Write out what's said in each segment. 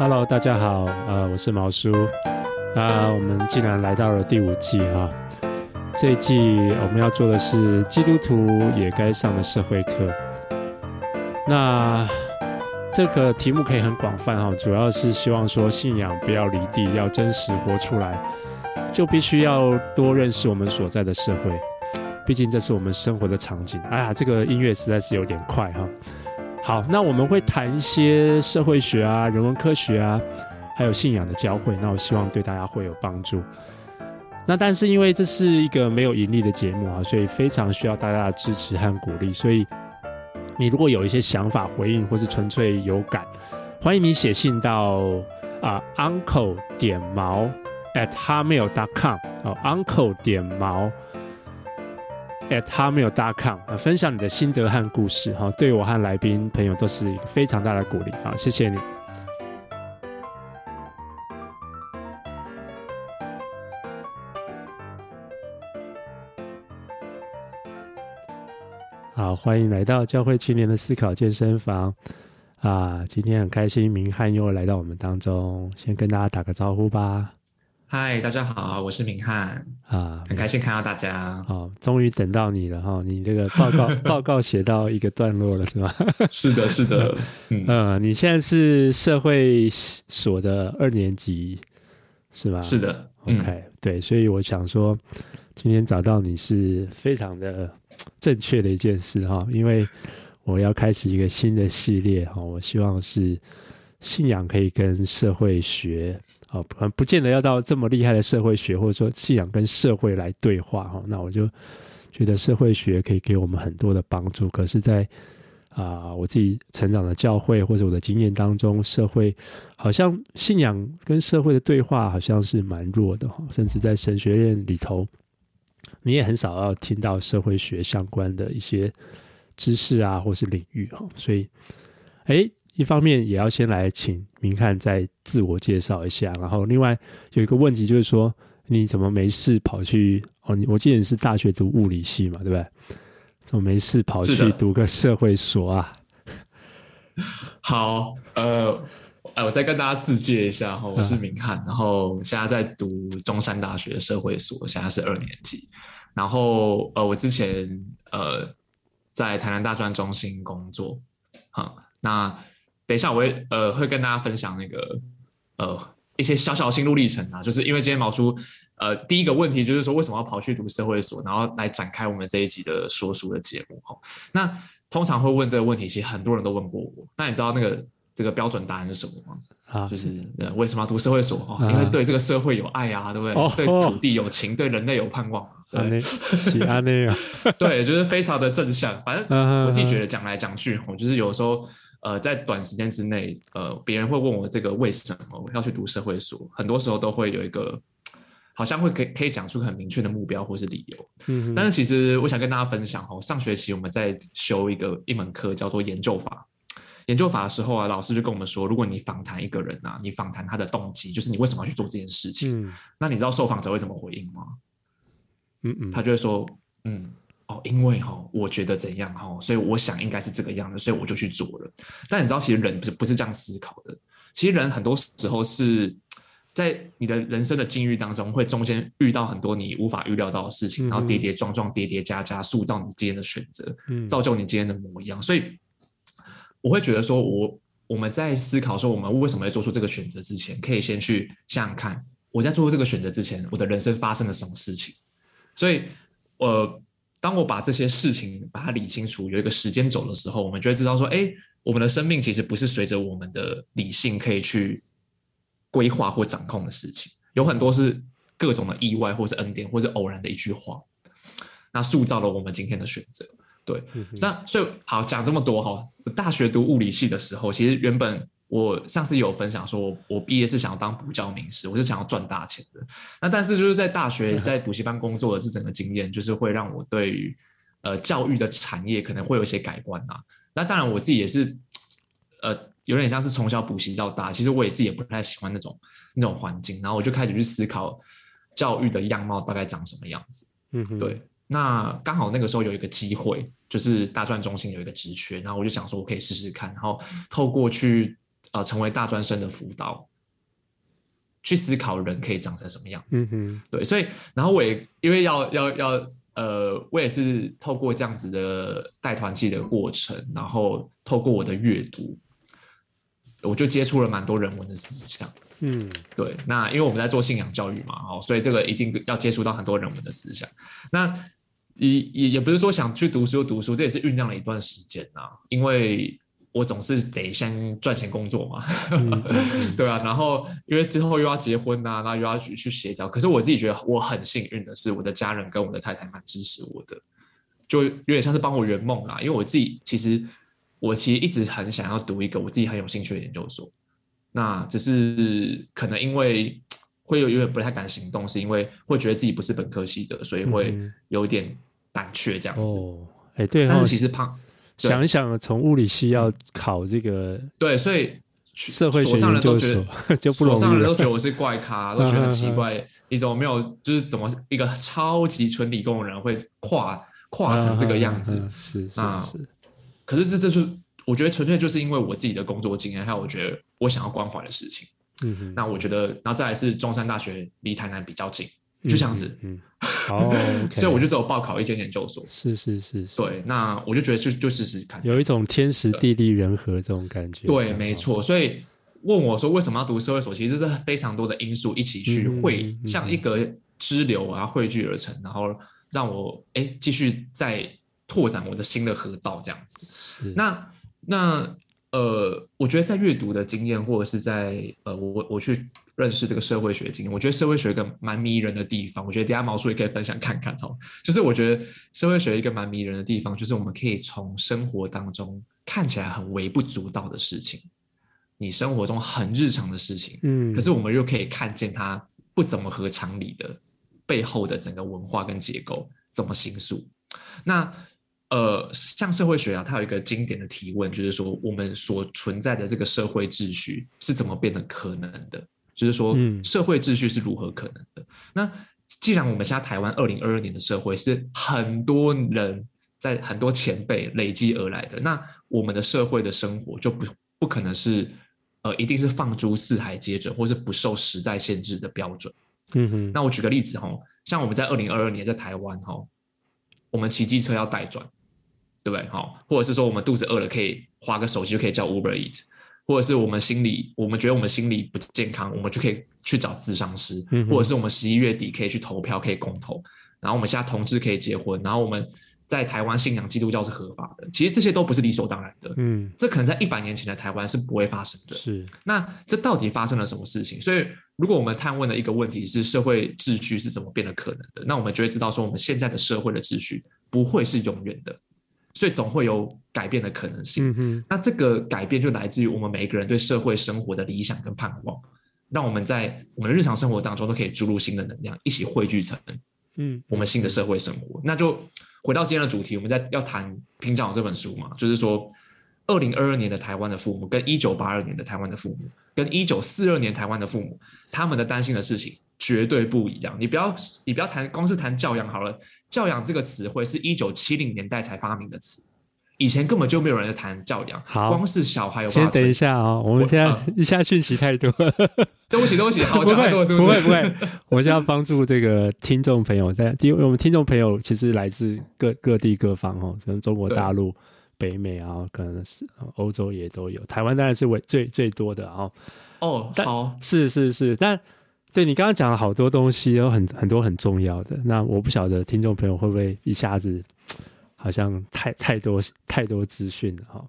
Hello，大家好，呃，我是毛叔，啊，我們既然來到了第五季哈，這一季我們要做的是基督徒也該上的社會課，那這個題目可以很廣泛哈，主要是希望說信仰不要離地，要真實活出來，就必須要多認識我們所在的社會，畢竟這是我們生活的場景。哎呀，這個音樂實在是有點快哈。好，那我們會談一些社會學啊、人文科學啊，還有信仰的交匯。那我希望對大家會有幫助。那但是因為這是一個沒有盈利的節目啊，所以非常需要大家的支持和鼓勵。所以你如果有一些想法回應，或是純粹有感，歡迎你寫信到啊、uh, uncle 點毛 at hotmail.com、uh, uncle 點毛。at hotmail.com 分享你的心得和故事，哈，對我和來賓朋友都是一個非常大的鼓勵，好，謝謝你。好，歡迎來到教會青年的思考健身房。啊，今天很開心，明翰又來到我們當中，先跟大家打個招呼吧。嗨，大家好，我是明翰啊，很開心看到大家。嗯、好，終於等到你了哈、哦，你這個報告 報告寫到一個段落了是嗎？是的，是的嗯嗯，嗯，你現在是社會所的二年級是嗎？是的，OK，、嗯、對，所以我想說，今天找到你是非常的正確的一件事哈、哦，因為我要開始一個新的系列哈、哦，我希望是。信仰可以跟社會學，哦，不見得要到這麼厲害的社會學，或者說信仰跟社會來對話哈。那我就覺得社會學可以給我們很多的幫助。可是在，在、呃、啊我自己成長的教會或者我的經驗當中，社會好像信仰跟社會的對話好像是蠻弱的哈。甚至在神學院裡頭，你也很少要聽到社會學相關的一些知識啊，或是領域哈。所以，哎。一方面也要先來請明翰再自我介紹一下，然後另外有一個問題就是說，你怎麼沒事跑去哦？我記得你是大學讀物理系嘛，對不對？怎麼沒事跑去讀個社會所啊？好，呃，哎、呃，我再跟大家自介一下哈、哦，我是明翰、啊，然後現在在讀中山大學社會所，現在是二年級，然後呃，我之前呃在台南大專中心工作，好、嗯，那。等一下我會，我呃會跟大家分享那個呃一些小小的心路歷程啊，就是因為今天毛叔呃第一個問題就是說為什麼要跑去讀社會所，然後來展開我們這一集的說書的節目哈。那通常會問這個問題，其實很多人都問過我。那你知道那個這個標準答案是什麼嗎？啊，就是,是為什麼要讀社會所啊？因為對這個社會有愛啊，對不對？哦、對土地有情、哦，對人類有盼望，對，其他沒有，對，就是非常的正向。反正、啊啊、我自己覺得講來講去，我就是有時候。呃，在短時間之內，呃，別人會問我這個為什麼我要去讀社會所，很多時候都會有一個，好像會可以可以講出很明確的目標或是理由。嗯，但是其實我想跟大家分享哦，上學期我們在修一個一門課叫做研究法，研究法的時候啊，老師就跟我們說，如果你訪談一個人啊，你訪談他的動機，就是你為什麼要去做這件事情，嗯，那你知道受訪者會怎麼回應嗎？嗯，嗯，他就會說，嗯。哦、因為哈、哦，我覺得怎樣哈、哦，所以我想應該是這個樣子，所以我就去做了。但你知道，其實人不是不是這樣思考的。其實人很多時候是在你的人生的境遇當中，會中間遇到很多你無法預料到的事情，嗯、然後跌跌撞撞、跌跌加加，塑造你今天的選擇，造就你今天的模樣。嗯、所以我會覺得，說我我們在思考說我們為什麼會做出這個選擇之前，可以先去想想看，我在做出這個選擇之前，我的人生發生了什麼事情。所以，呃。當我把這些事情把它理清楚，有一個時間軸的時候，我們就會知道說，哎，我們的生命其實不是隨着我們的理性可以去規劃或掌控的事情，有很多是各種的意外，或是恩典，或是偶然的一句話，那塑造了我們今天的選擇。對，嗯、那所以好講這麼多哈。大學讀物理系的時候，其實原本。我上次有分享說，我畢業是想要當補教名師，我是想要賺大錢的。那但是就是在大學在補習班工作的這整個經驗，就是會讓我對於呃教育的產業可能會有一些改觀啊。那當然我自己也是呃有點像是從小補習到大，其實我也自己也不太喜歡那種那種環境，然後我就開始去思考教育的樣貌大概長什麼樣子。嗯，對。那剛好那個時候有一個機會，就是大專中心有一個職缺，然後我就想說我可以試試看，然後透過去。啊、呃，成為大專生的輔導，去思考人可以長成什麼樣子、嗯。對，所以，然後我也因為要要要，呃，我也是透過這樣子的帶團契的過程，然後透過我的閱讀，我就接觸了蠻多人文的思想。嗯，對。那因為我們在做信仰教育嘛，哦，所以這個一定要接觸到很多人文的思想。那也也不是說想去讀書就讀書，這也是醞釀了一段時間吶、啊，因為。我總是得先賺錢工作嘛、嗯， 對啊，然後因為之後又要結婚吶、啊，然後又要去去協調。可是我自己覺得我很幸運的是，我的家人跟我的太太蠻支持我的，就有點像是幫我圓夢啦。因為我自己其實我其實一直很想要讀一個我自己很有興趣的研究所，那只是可能因為會有有點不太敢行動，是因為會覺得自己不是本科系的，所以會有點膽怯這樣子。哦，對，但是其實胖。想一想，從物理系要考這個，對，所以社會學上的都覺得，就不容易了。都覺得我是怪咖， 都覺得很奇怪啊啊啊啊。你怎麼沒有？就是怎麼一個超級純理工的人會跨跨成這個樣子？啊啊啊啊啊是是，是。可是這這、就是我覺得純粹就是因為我自己的工作經驗，還有我覺得我想要關懷的事情。嗯哼，那我覺得，然後再來是中山大學離台南比較近，嗯、就這樣子。嗯。哦、oh, okay.， 所以我就只有報考一間研究所，是，是是是對，那我就覺得就就試試看，有一種天時地利人和這種感覺，對，對沒錯。所以問我說為什麼要讀社會所，其實這是非常多的因素一起去匯、嗯嗯嗯嗯，像一個支流啊匯聚而成，然後讓我哎繼、欸、續再拓展我的新的河道這樣子。那那呃，我覺得在閱讀的經驗，或者是在呃，我我去。認識這個社會學經驗，我覺得社會學一個蠻迷人的地方。我覺得底下毛叔也可以分享看看哦。就是我覺得社會學一個蠻迷人的地方，就是我們可以從生活當中看起來很微不足道的事情，你生活中很日常的事情，嗯，可是我們又可以看見它不怎麼合常理的背後的整個文化跟結構怎麼形塑。那呃，像社會學啊，它有一個經典的提問，就是說我們所存在的這個社會秩序是怎麼變得可能的？就是說，社會秩序是如何可能的？嗯、那既然我們現在台灣二零二二年的社會是很多人在很多前輩累積而來的，那我們的社會的生活就不不可能是呃，一定是放諸四海皆準，或是不受時代限制的標準。嗯哼。那我舉個例子哈，像我們在二零二二年在台灣哈，我們騎機車要戴轉，對不對？好，或者是說我們肚子餓了，可以花個手機就可以叫 Uber Eat。或者是我們心裡，我們覺得我們心理不健康，我們就可以去找諮商師嗯嗯；或者是我們十一月底可以去投票，可以公投。然後我們現在同志可以結婚，然後我們在台灣信仰基督教是合法的。其實這些都不是理所當然的，嗯，這可能在一百年前的台灣是不會發生的。是，那這到底發生了什麼事情？所以如果我們探問了一個問題是社會秩序是怎麼變得可能的，那我們就會知道說我們現在的社會的秩序不會是永遠的。所以總會有改變的可能性。嗯、哼那這個改變就來自於我們每一個人對社會生活的理想跟盼望，讓我們在我們的日常生活當中都可以注入新的能量，一起匯聚成嗯我們新的社會生活、嗯。那就回到今天的主題，我們在要談《拚教養》這本書嘛，就是說，二零二二年的台灣的父母跟一九八二年的台灣的父母，跟一九四二年台灣的父母，他們的擔心的事情，絕對不一樣，你不要你不要談光是談教養好了，教養這個詞彙是一九七零年代才發明的詞，以前根本就沒有人在談教養。好，光是小孩。先等一下啊、哦，我們現在、呃、一下訊息太多了， 對不起，對不起，好，不會，不會，不會，我現在要幫助這個聽眾朋友。在 我們聽眾朋友其實來自各各地各方哦，可能中國大陸、北美啊、哦，可能是歐洲也都有，台灣當然是最最最多的哦。哦，但好，是是是，但。對你剛剛講了好多東西，有很很多很重要的。那我不曉得聽眾朋友會不會一下子好像太太多太多資訊了哈、哦。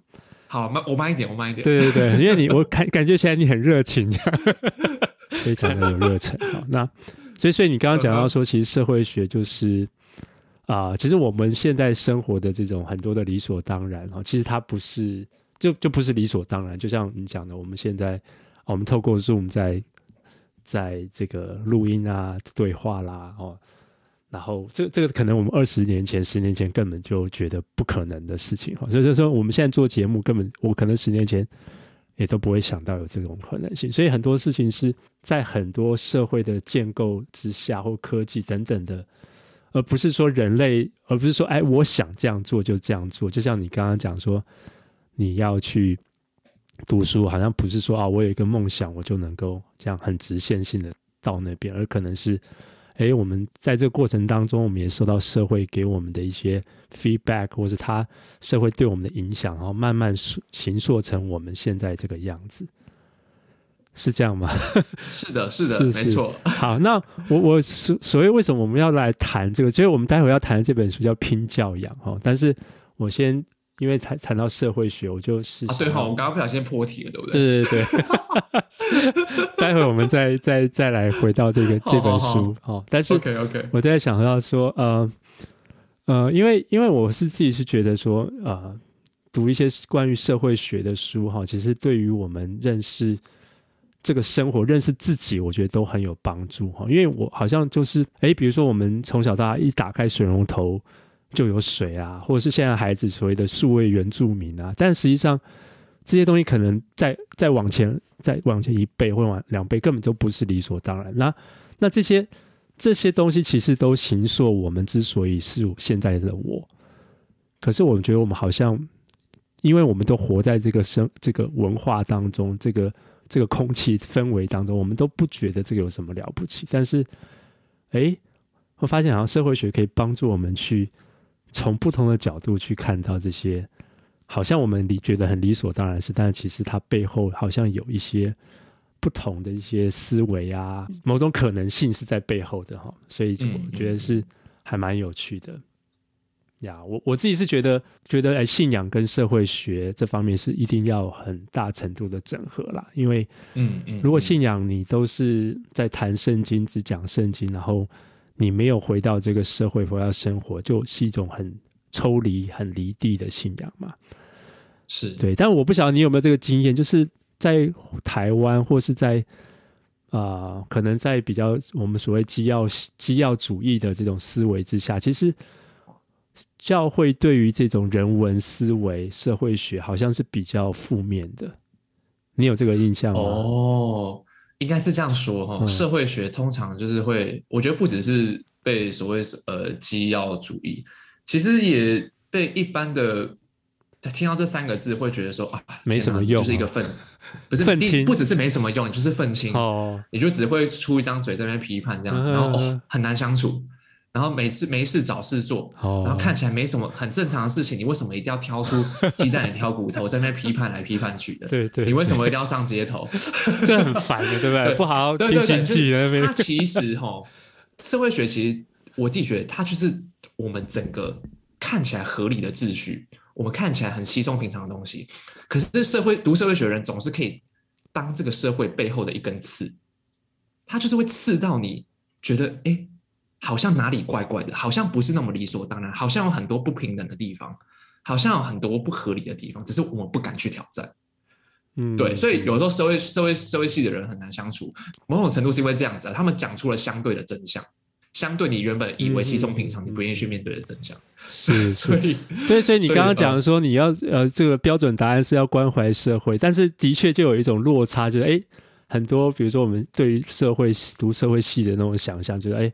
好，慢我慢一點，我慢一點。對對對，因為你我感感覺現在你很熱情， 非常的有熱忱。那所以所以你剛剛講到說，其實社會學就是啊、呃，其實我們現在生活的這種很多的理所當然、哦、其實它不是就就不是理所當然。就像你講的，我們現在、哦、我們透過 Zoom 在。在這個錄音啊、對話啦，哦，然後這個、這個可能我們二十年前、十年前根本就覺得不可能的事情，所以就說我們現在做節目，根本我可能十年前也都不會想到有這種可能性。所以很多事情是在很多社會的建構之下，或科技等等的，而不是說人類，而不是說哎，我想這樣做就這樣做。就像你剛剛講說，你要去。讀書好像不是說啊，我有一個夢想，我就能夠這樣很直線性的到那邊，而可能是，誒，我們在這個過程當中，我們也受到社會給我們的一些 feedback，或是他社會對我們的影響，然後慢慢形塑成我們現在這個樣子，是這樣嗎？是的，是的， 是的沒錯。好，那我我所所以為什麼我們要來談這個，所以我們待會要談這本書叫《拼教養》哈，但是我先。因為談談到社會學，我就是、啊、對哈，我剛剛不小心破題了，對不對？對對對， 待會兒我們再再再來回到這個好好好這本書哈。但是，OK OK，我在想到說，呃呃，因為因為我是自己是覺得說，呃，讀一些關於社會學的書哈，其實對於我們認識這個生活、認識自己，我覺得都很有幫助哈。因為我好像就是，誒，比如說我們從小到大一打開水龍頭。就有水啊，或者是現在孩子所謂的數位原住民啊，但實際上這些東西可能再再往前再往前一倍或往兩倍，根本都不是理所當然。那那這些這些東西其實都形塑我們之所以是現在的我。可是，我們覺得我們好像因為我們都活在這個生這個文化當中，這個這個空氣氛圍當中，我們都不覺得這個有什麼了不起。但是，誒、欸，我發現好像社會學可以幫助我們去。從不同的角度去看到這些，好像我們理覺得很理所當然是，但是其實它背後好像有一些不同的一些思維啊，某種可能性是在背後的哈，所以我覺得是還蠻有趣的。呀、嗯嗯嗯，我我自己是覺得，覺得哎，信仰跟社會學這方面是一定要很大程度的整合啦，因為嗯嗯，如果信仰你都是在談聖經，只講聖經，然後。你沒有回到這個社會，回到生活，就是一種很抽離、很離地的信仰嘛？是對，但我不曉得你有沒有這個經驗，就是在台灣或是在啊、呃，可能在比較我們所謂基要基要主義的這種思維之下，其實教會對於這種人文思維、社會學好像是比較負面的。你有這個印象嗎？哦。應該是這樣說哈，社會學通常就是會，嗯、我覺得不只是被所謂呃基要主義，其實也被一般的，聽到這三個字會覺得說啊沒什麼用、啊，就是一個憤，不是憤青，不只是沒什麼用，就是憤青，哦，也就只會出一張嘴在那邊批判這樣子，嗯、然後、哦、很難相處。然後每次沒事找事做，oh. 然後看起來沒什麼很正常的事情，你為什麼一定要挑出雞蛋裡挑骨頭， 在那邊批判來批判去的？ 對，對，對對，你為什麼一定要上街頭？ 就很煩的，對不對？ 對不好好聽幾句。它其實哈、哦， 社會學其實我自己覺得，它就是我們整個看起來合理的秩序，我們看起來很稀鬆平常的東西，可是社會讀社會學的人總是可以當這個社會背後的一根刺，它就是會刺到你，覺得哎。好像哪裡怪怪的，好像不是那麼理所當然，好像有很多不平等的地方，好像有很多不合理的地方，只是我們不敢去挑戰。嗯，對，所以有時候社會、社會、社會系的人很難相處，某種程度是因為這樣子、啊，他們講出了相對的真相，相對你原本以為稀鬆平常你不願意去面對的真相。嗯、 是，所是以， 對，所以你剛剛講說你要呃這個標準答案是要關懷社會，但是的確就有一種落差，就是哎、欸，很多比如說我們對於社會讀社會系的那種想象，覺得哎。欸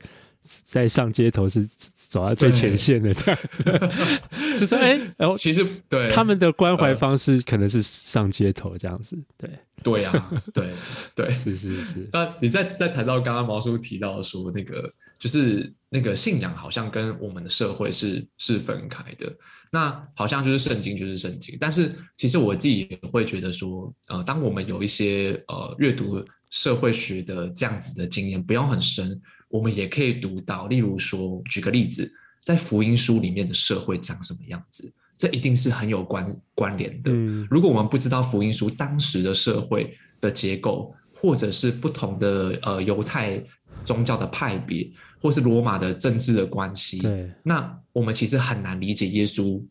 在上街頭是走在最前線的這樣 就是然後、欸呃、其實對他們的關懷方式可能是上街頭這樣子，對對呀，對、啊、對，對，是是是。那你再再談到剛剛毛叔提到說那個，就是那個信仰好像跟我們的社會是是分開的，那好像就是聖經就是聖經，但是其實我自己也會覺得說，呃，當我們有一些呃閱讀社會學的這樣子的經驗，不用很深。我們也可以讀到，例如說，舉個例子，在福音書裡面的社會長什麼樣子？這一定是很有關關聯的。如果我們不知道福音書當時的社會的結構，或者是不同的呃猶太宗教的派別，或是羅馬的政治的關係，對，那我們其實很難理解耶穌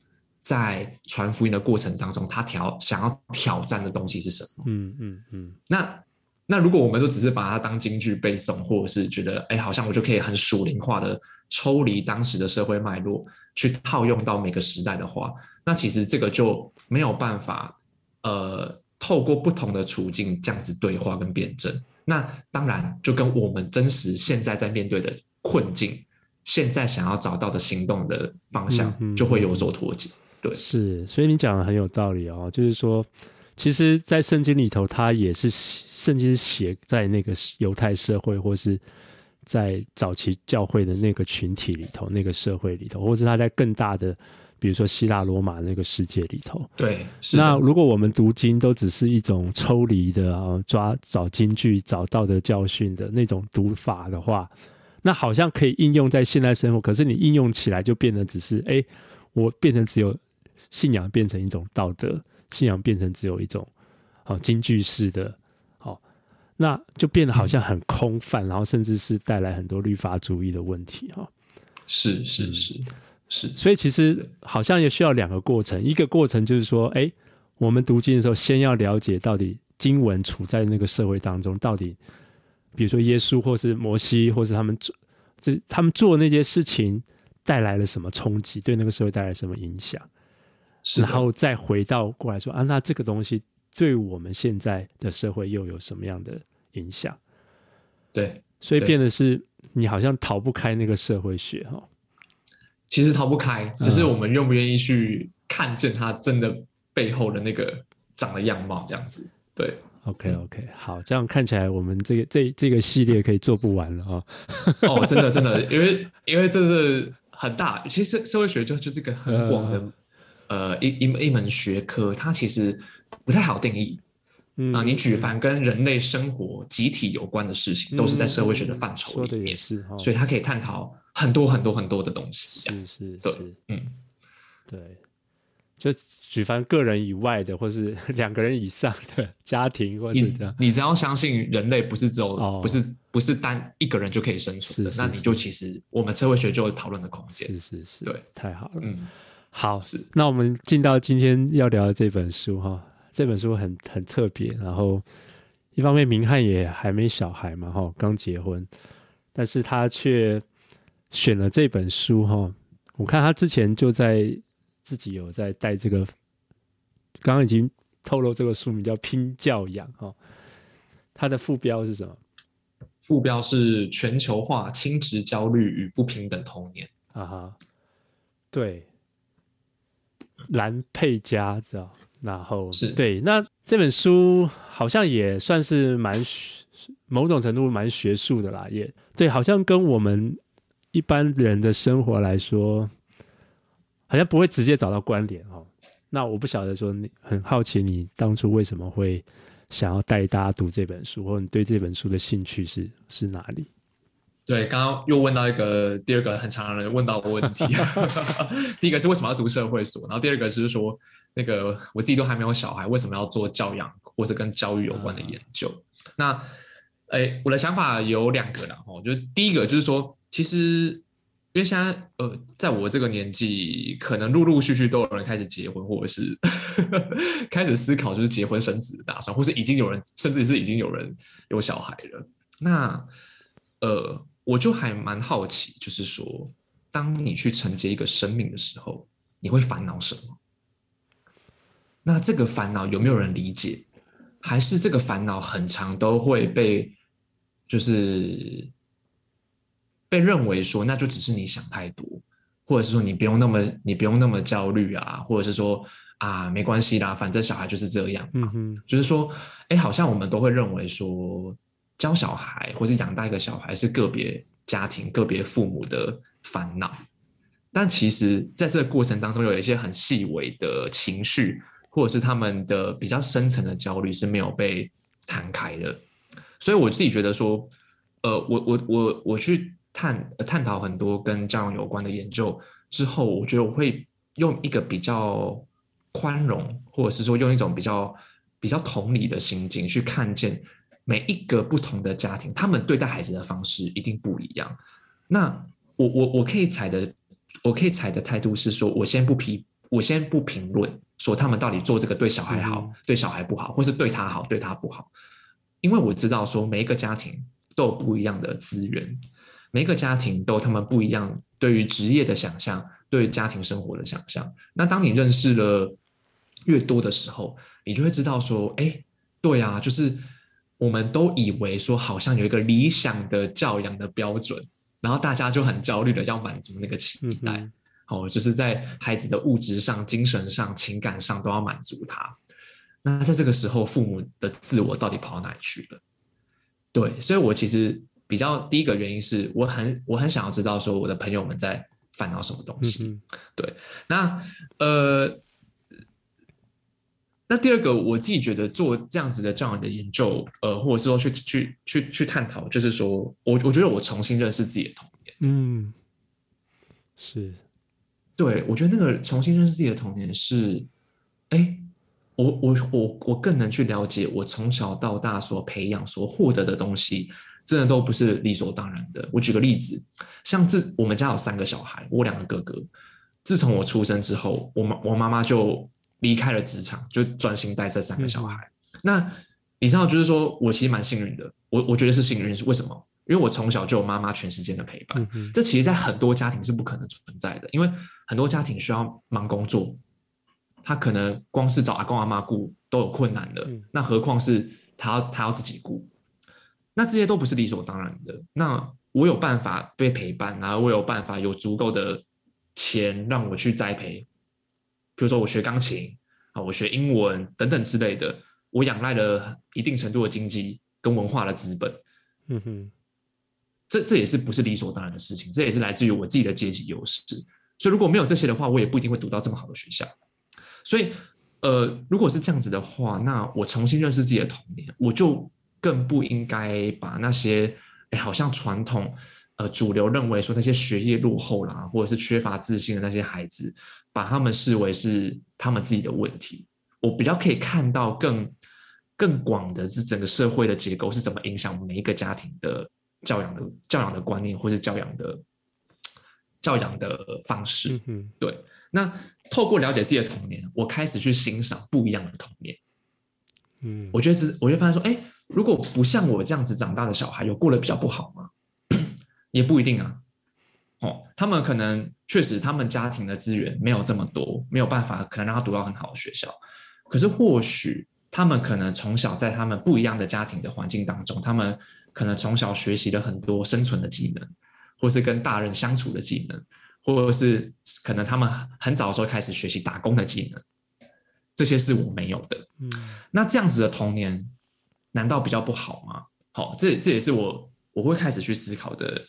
在傳福音的過程當中，他挑想要挑戰的東西是什麼？嗯嗯嗯。那那如果我們都只是把它當金句背誦，或者是覺得哎，好像我就可以很屬靈化的抽離當時的社會脈絡，去套用到每個時代的話，那其實這個就沒有辦法，呃，透過不同的處境這樣子對話跟辯證。那當然就跟我們真實現在在面對的困境，現在想要找到的行動的方向、嗯嗯、就會有所脫節。對，是，所以你講的很有道理哦，就是說。其實，在聖經裡頭，它也是聖經寫在那個猶太社會，或是，在早期教會的那個群體裡頭，那個社會裡頭，或是它在更大的，比如說希臘羅馬那個世界裡頭。對。那如果我們讀經都只是一種抽離的啊，抓找金句、找道德教訓的那種讀法的話，那好像可以應用在現代生活。可是你應用起來就變得只是，哎，我變成只有信仰變成一種道德。信仰變成只有一種，好金句式的，好，那就變得好像很空泛、嗯，然後甚至是帶來很多律法主義的問題，哈。是是是是，所以其實好像也需要兩個過程，一個過程就是說，哎，我們讀經的時候，先要了解到底經文處在那個社會當中，到底，比如說耶穌或是摩西或是他們做這他們做那些事情帶來了什麼衝擊，對那個社會帶來了什麼影響。然後再回到過來說啊，那這個東西對我們現在的社會又有什麼樣的影響？對，所以變得是你好像逃不開那個社會學哈、哦。其實逃不開，只是我們願不願意去看見它真的背後的那個長的樣貌這樣子。對，OK OK，好，這樣看起來我們這個這這個系列可以做不完了哦， 哦真的真的，因為因為這是很大，其實社、社會學就就這、是、個很廣的。呃呃，一一門一門學科，它其實不太好定義。嗯，啊，你舉凡跟人類生活集體有關的事情，嗯、都是在社會學的範疇裡面。嗯、是，是，也是、哦、所以它可以探討很多很多很多的東西。是是。對是，嗯，對，就舉凡個人以外的，或是兩個人以上的家庭，或是你，你只要相信人類不是只有，哦、不是不是單一個人就可以生存的，那你就其實我們社會學就有討論的空間。是是是。對是是，太好了，嗯。好，那我們進到今天要聊的這本書哈，這本書很很特別。然後一方面，明翰也還沒小孩嘛，哈，剛結婚，但是他卻選了這本書哈。我看他之前就在自己有在帶這個，剛剛已經透露這個書名叫《拚教養》哦，它的副標是什麼？副標是“全球化、親職焦慮與不平等童年”。啊哈，對。藍佩嘉，知道？然後是對，那這本書好像也算是蠻某種程度蠻學術的啦，也對，好像跟我們一般人的生活來說，好像不會直接找到關聯喔。那我不曉得說，你很好奇，你當初為什麼會想要帶大家讀這本書，或你對這本書的興趣是是哪裡？對，剛剛又問到一個第二個很常人問到的問題， 第一個是為什麼要讀社會所，然後第二個是說，那個我自己都還沒有小孩，為什麼要做教養或者跟教育有關的研究？嗯。那，誒，我的想法有兩個，然後我覺得第一個就是說，其實因為現在呃，在我這個年紀，可能陸陸續續都有人開始結婚，或者是呵呵開始思考就是結婚生子的打算，或是已經有人，甚至是已經有人有小孩了，那，呃。我就還蠻好奇，就是說，當你去承接一個生命的時候，你會煩惱什麼？那這個煩惱有沒有人理解？還是這個煩惱很常都會被就是被認為說，那就只是你想太多，或者是說你不用那麼你不用那麼焦慮啊，或者是說啊沒關係啦，反正小孩就是這樣，啊。嗯哼，就是說，哎，好像我們都會認為說。教小孩或是養大一個小孩是個別家庭個別父母的煩惱，但其實在這個過程當中，有一些很細微的情緒，或者是他們的比較深層的焦慮是沒有被攤開的。所以我自己覺得說，呃，我我我我去探探討很多跟教育有關的研究之後，我覺得我會用一個比較寬容，或者是說用一種比較比較同理的心境去看見。每一個不同的家庭，他們對待孩子的方式一定不一樣。那我我我可以踩的，我可以踩的態度是說，我先不批，我先不評論，說他們到底做這個對小孩好，對小孩不好，或是對他好，對他不好。因為我知道，說每一個家庭都有不一樣的資源，每一個家庭都有他們不一樣對於職業的想象，對於家庭生活的想象。那當你認識了越多的時候，你就會知道說，哎，對呀、啊，就是。我們都以為說好像有一個理想的教養的標準，然後大家就很焦慮的要滿足那個期待，嗯，哦，就是在孩子的物質上、精神上、情感上都要滿足他。那在這個時候，父母的自我到底跑哪去了？對，所以我其實比較第一個原因是我很我很想要知道說我的朋友們在煩惱什麼東西。嗯，對，那呃。那第二個，我自己覺得做這樣子的教養的研究，呃，或者是說去去去去探討，就是說我我覺得我重新認識自己的童年。嗯，是，對，我覺得那個重新認識自己的童年是，哎、欸，我我我我更能去了解我從小到大所培養、所獲得的東西，真的都不是理所當然的。我舉個例子，像自我們家有三個小孩，我兩個哥哥，自從我出生之後，我媽我媽媽就，離開了職場，就專心帶這三個小孩。嗯、那你知道，就是說我其實蠻幸運的。我我覺得是幸運，為什麼？因為我從小就有媽媽全時間的陪伴、嗯。這其實在很多家庭是不可能存在的，因為很多家庭需要忙工作，他可能光是找阿公阿媽顧都有困難的，嗯、那何況是他要他要自己顧？那這些都不是理所當然的。那我有辦法被陪伴，然後我有辦法有足夠的錢讓我去栽培。比如說我學鋼琴啊，我學英文等等之類的，我仰賴了一定程度的經濟跟文化的資本，哼、嗯、哼，這這也是不是理所當然的事情，這也是來自於我自己的階級優勢。所以如果沒有這些的話，我也不一定會讀到這麼好的學校。所以，呃，如果是這樣子的話，那我重新認識自己的童年，我就更不應該把那些哎，好像傳統呃主流認為說那些學業落後啦，或者是缺乏自信的那些孩子。把他們視為是他們自己的問題，我比較可以看到更更廣的，是整個社會的結構是怎麼影響每一個家庭的教養的教養的觀念，或是教養的教養的方式。嗯，對。那透過了解自己的童年，我開始去欣賞不一樣的童年。嗯，我覺得是，我就發現說，哎、欸，如果不像我這樣子長大的小孩，有過得比較不好嗎？ 也不一定啊。哦，他們可能確實，他們家庭的資源沒有這麼多，沒有辦法可能讓他讀到很好的學校。可是或許他們可能從小在他們不一樣的家庭的環境當中，他們可能從小學習了很多生存的技能，或是跟大人相處的技能，或是可能他們很早的時候開始學習打工的技能，這些是我沒有的。嗯，那這樣子的童年難道比較不好嗎？好，哦，這這也是我我會開始去思考的。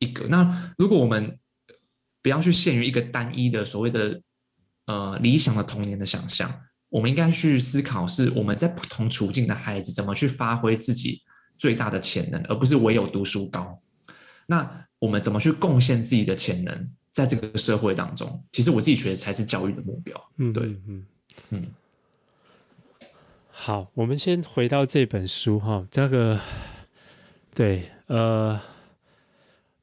一個。那如果我們不要去限於一個單一的所謂的呃理想的童年的想象，我們應該去思考，是我們在不同處境的孩子怎麼去發揮自己最大的潛能，而不是唯有讀書高。那我們怎麼去貢獻自己的潛能，在這個社會當中？其實我自己覺得才是教育的目標。嗯，對，嗯嗯，嗯。好，我們先回到這本書哈，這個對呃。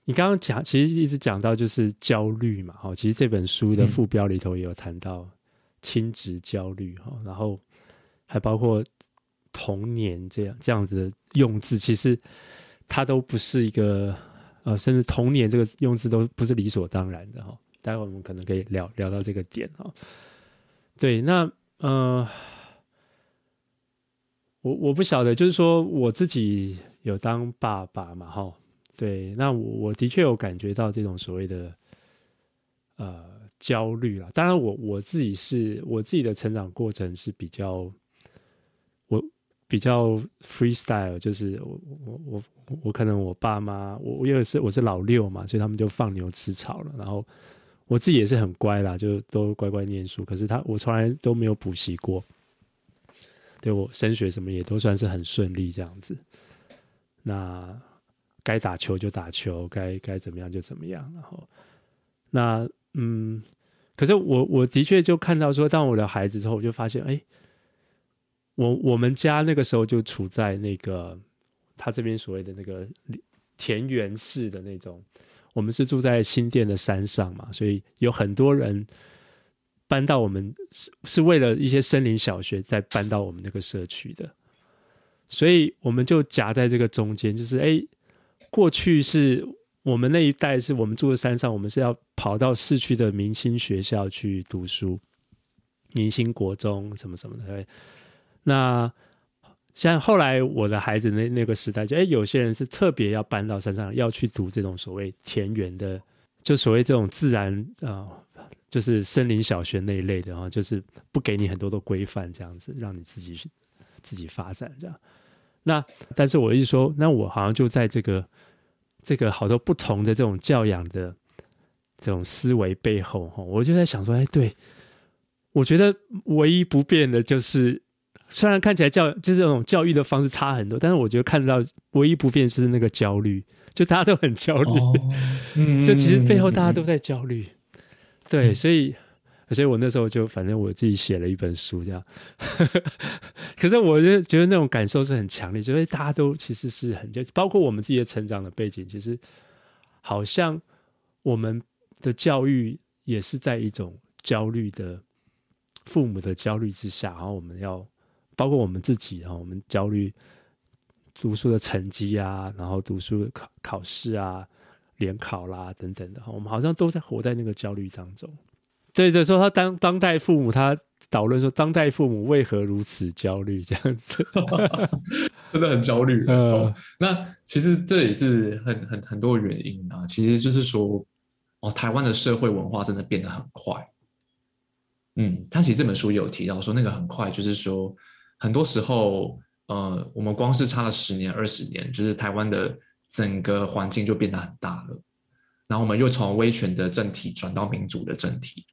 你剛剛講，其實一直講到就是焦慮嘛，哈，其實這本書的副標裡頭也有談到親職焦慮，哈、嗯，然後還包括童年這樣這樣子的用字，其實它都不是一個，呃，甚至童年這個用字都不是理所當然的，哈。待會我們可能可以聊聊到這個點，哈。對，那，呃，我我不曉得，就是說我自己有當爸爸嘛，哈。對，那我我的確有感覺到這種所謂的呃焦慮啦。當然我，我我自己是我自己的成長過程是比較我比較 freestyle，就是我我我我可能我爸媽我因為是我是老六嘛，所以他們就放牛吃草了。然後我自己也是很乖啦，就都乖乖念書。可是他我從來都沒有補習過，對，我升學什麼也都算是很順利這樣子。那。該打球就打球，該該怎麼樣就怎麼樣。然後，那嗯，可是我我的確就看到說，當我有了孩子之後，我就發現，哎，我我們家那個時候就處在那個他這邊所謂的那個田園式的那種。我們是住在新店的山上嘛，所以有很多人搬到我們是是為了一些森林小學再搬到我們那個社區的，所以我們就夾在這個中間，就是哎。過去是我們那一代，是我們住在山上，我們是要跑到市區的明星學校去讀書，明星國中什麼什麼的。那像後來我的孩子那那個時代就，就誒有些人是特別要搬到山上，要去讀這種所謂田園的，就所謂這種自然啊、呃，就是森林小學那一類的啊，就是不給你很多的規範，這樣子讓你自己自己發展這樣。那，但是我一說，那我好像就在這個這個好多不同的這種教養的這種思維背後哈，我就在想說，哎，對，我覺得唯一不變的就是，雖然看起來教就是這種教育的方式差很多，但是我覺得看到唯一不變是那個焦慮，就大家都很焦慮，哦、嗯， 就其實背後大家都在焦慮，嗯、對，所以。嗯所以我那時候就反正我自己寫了一本書這樣， 可是我就覺得那種感受是很強烈，所以大家都其實是很就包括我們自己的成長的背景，其實好像我們的教育也是在一種焦慮的父母的焦慮之下，然後我們要包括我們自己，然後我們焦慮讀書的成績啊，然後讀書的考試啊、聯考啦、啊、等等的，我們好像都在活在那個焦慮當中。對對，說他當當代父母，他討論說當代父母為何如此焦慮，這樣子 真的很焦慮。嗯哦、那其實這也是很很很多原因啊。其實就是說，哦，台灣的社會文化真的變得很快。嗯，他其實這本書有提到說，那個很快就是說，很多時候，呃，我們光是差了十年、二十年，就是台灣的整個環境就變得很大了。然後我們又從威權的政體轉到民主的政體。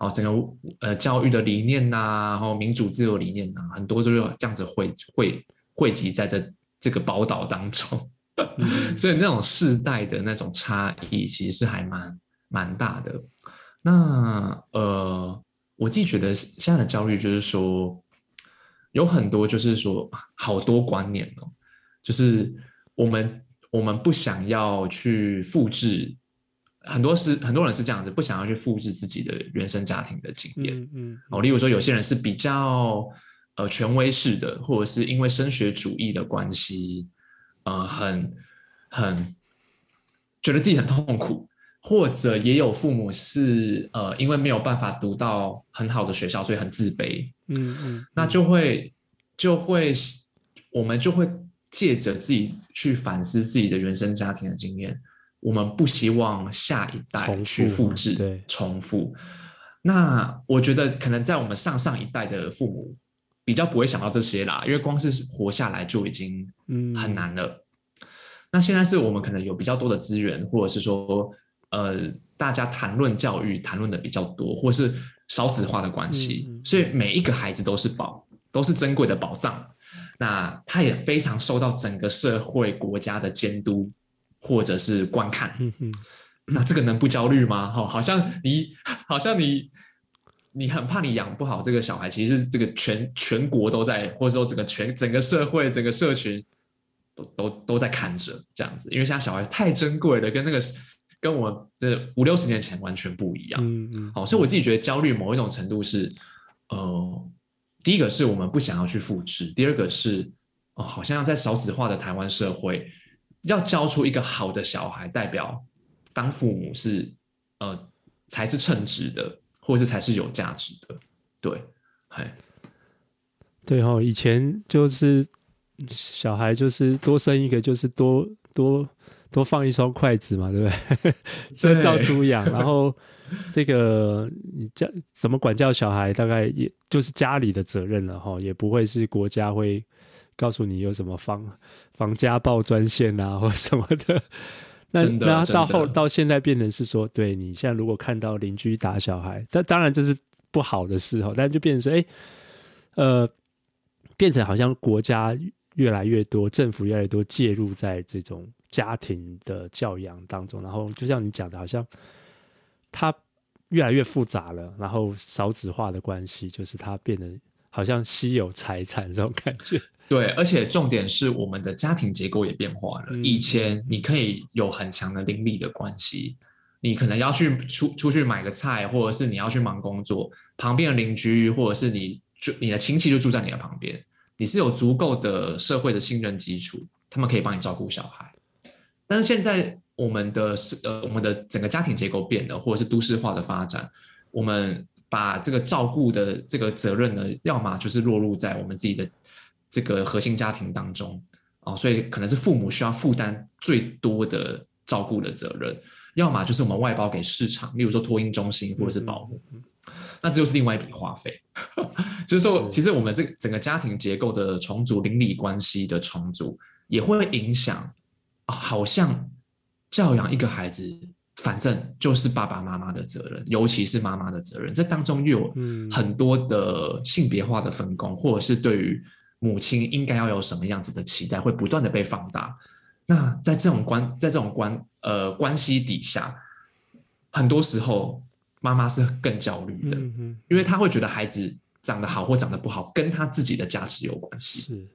哦，整個呃教育的理念吶、啊，然後民主自由理念吶、啊，很多都是這樣子匯匯匯集在這這個寶島當中， 所以那種世代的那種差異，其實是還蠻蠻大的。那呃，我自己覺得現在的教育就是說，有很多就是說好多觀念哦，就是我們我們不想要去複製。很多是很多人是這樣子，不想要去複製自己的原生家庭的經驗。嗯嗯。哦，例如說，有些人是比較呃權威式的，或者是因為升學主義的關係，呃，很很覺得自己很痛苦，或者也有父母是呃因為沒有辦法讀到很好的學校，所以很自卑。嗯嗯。那就會就會我們就會借着自己去反思自己的原生家庭的經驗。我們不希望下一代去複製重複、啊、重複。那我覺得可能在我們上上一代的父母比較不會想到這些啦，因為光是活下來就已經很難了。嗯、那現在是我們可能有比較多的資源，或者是說呃，大家談論教育談論的比較多，或是少子化的關係，嗯嗯，所以每一個孩子都是寶，都是珍貴的寶藏。那他也非常受到整個社會、國家的監督。或者是觀看、嗯，那這個能不焦慮嗎？哈，好像你，好像你，你很怕你養不好這個小孩。其實這個全全國都在，或者說整個全整個社會整個社群，都都，都在看着這樣子。因為現在小孩太珍貴了，跟那個跟我們的五六十年前完全不一樣。嗯嗯。好，所以我自己覺得焦慮某一種程度是，呃，第一個是我們不想要去複製，第二個是哦，好像在少子化的台灣社會。要教出一個好的小孩，代表當父母是呃，才是稱職的，或是才是有價值的。對，對哦，以前就是小孩就是多生一個就是多多多放一雙筷子嘛，對不對？對 像照豬養，然後這個你教怎麼管教小孩，大概也就是家裡的責任了哈、哦，也不會是國家會。告訴你有什麼防、防家暴專線啊，或什麼的。 那那到後到現在變成是說，對你現在如果看到鄰居打小孩，這當然這是不好的事哈，但就變成說，哎，呃，變成好像國家越來越多，政府越來越多介入在這種家庭的教養當中，然後就像你講的，好像它越來越複雜了，然後少子化的關係，就是它變得好像稀有財產這種感覺。 對，而且重點是我們的家庭結構也變化了。以前你可以有很強的鄰里的關係，你可能要去出出去買個菜，或者是你要去忙工作，旁邊的鄰居或者是你就你的親戚就住在你的旁邊，你是有足夠的社會的信任基礎，他們可以幫你照顧小孩。但是現在我們的，呃，我們的整個家庭結構變了，或者是都市化的發展，我們把這個照顧的這個責任呢，要麼就是落入在我們自己的。這個核心家庭當中，哦，所以可能是父母需要負擔最多的照顧的責任，要麼就是我們外包給市場，例如說托嬰中心或者是保姆，嗯嗯嗯。那這就是另外一筆花費。所 以說，其實我們這整個家庭結構的重組、鄰里關係的重組，也會影響。好像教養一個孩子，反正就是爸爸媽媽的責任，尤其是媽媽的責任，這當中又有很多的性別化的分工，嗯，或者是對於。母親應該要有什麼樣子的期待，會不斷的被放大。那在這種關，在這種關呃關係底下，很多時候媽媽是更焦慮的，嗯嗯，因為她會覺得孩子長得好或長得不好，跟她自己的價值有關係。是，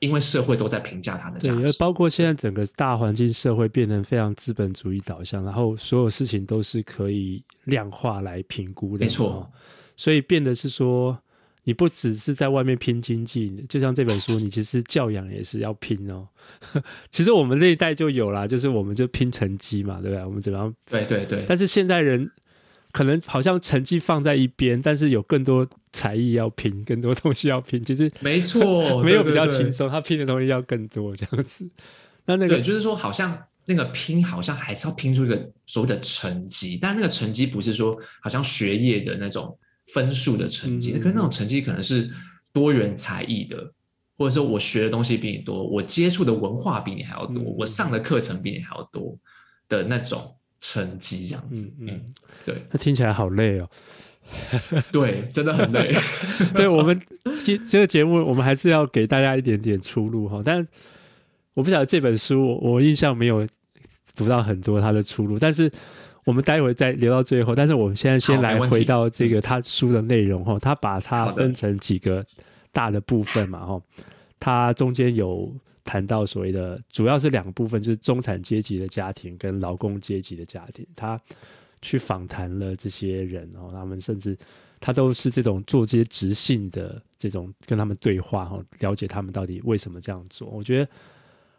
因為社會都在評價她的價值，包括現在整個大環境，社會變成非常資本主義導向，然後所有事情都是可以量化來評估的，沒錯。所以變的是說。你不只是在外面拼經濟，就像這本書，你其實教養也是要拼哦。 其實我們那一代就有啦，就是我們就拼成績嘛，對不對？我們怎麼樣？對對對。但是現代人可能好像成績放在一邊，但是有更多才藝要拼，更多東西要拼，其實沒錯，沒有比較輕鬆，他拼的東西要更多這樣子。那那個對，就是說好像那個拼，好像還是要拼出一個所謂的成績，但那個成績不是說好像學業的那種，分數的成績，嗯，可是那種成績可能是多元才藝的，嗯、或者說我學的東西比你多，我接觸的文化比你還要多，嗯、我上的課程比你還要多的那種成績，這樣子，嗯，嗯對。那聽起來好累哦。對，真的很累。 對我們今今個節目，我們還是要給大家一點點出路哈。但我不曉得這本書我，我我印象沒有讀到很多它的出路，但是。我們待會再留到最後，但是我們現在先來回到這個他書的內容哈，他把它分成幾個大的部分嘛哈，他中間有談到所謂的，主要是兩個部分，就是中產階級的家庭跟勞工階級的家庭，他去訪談了這些人，然後他們甚至他都是這種做這些質性的這種跟他們對話，然後了解他們到底為什麼這樣做，我覺得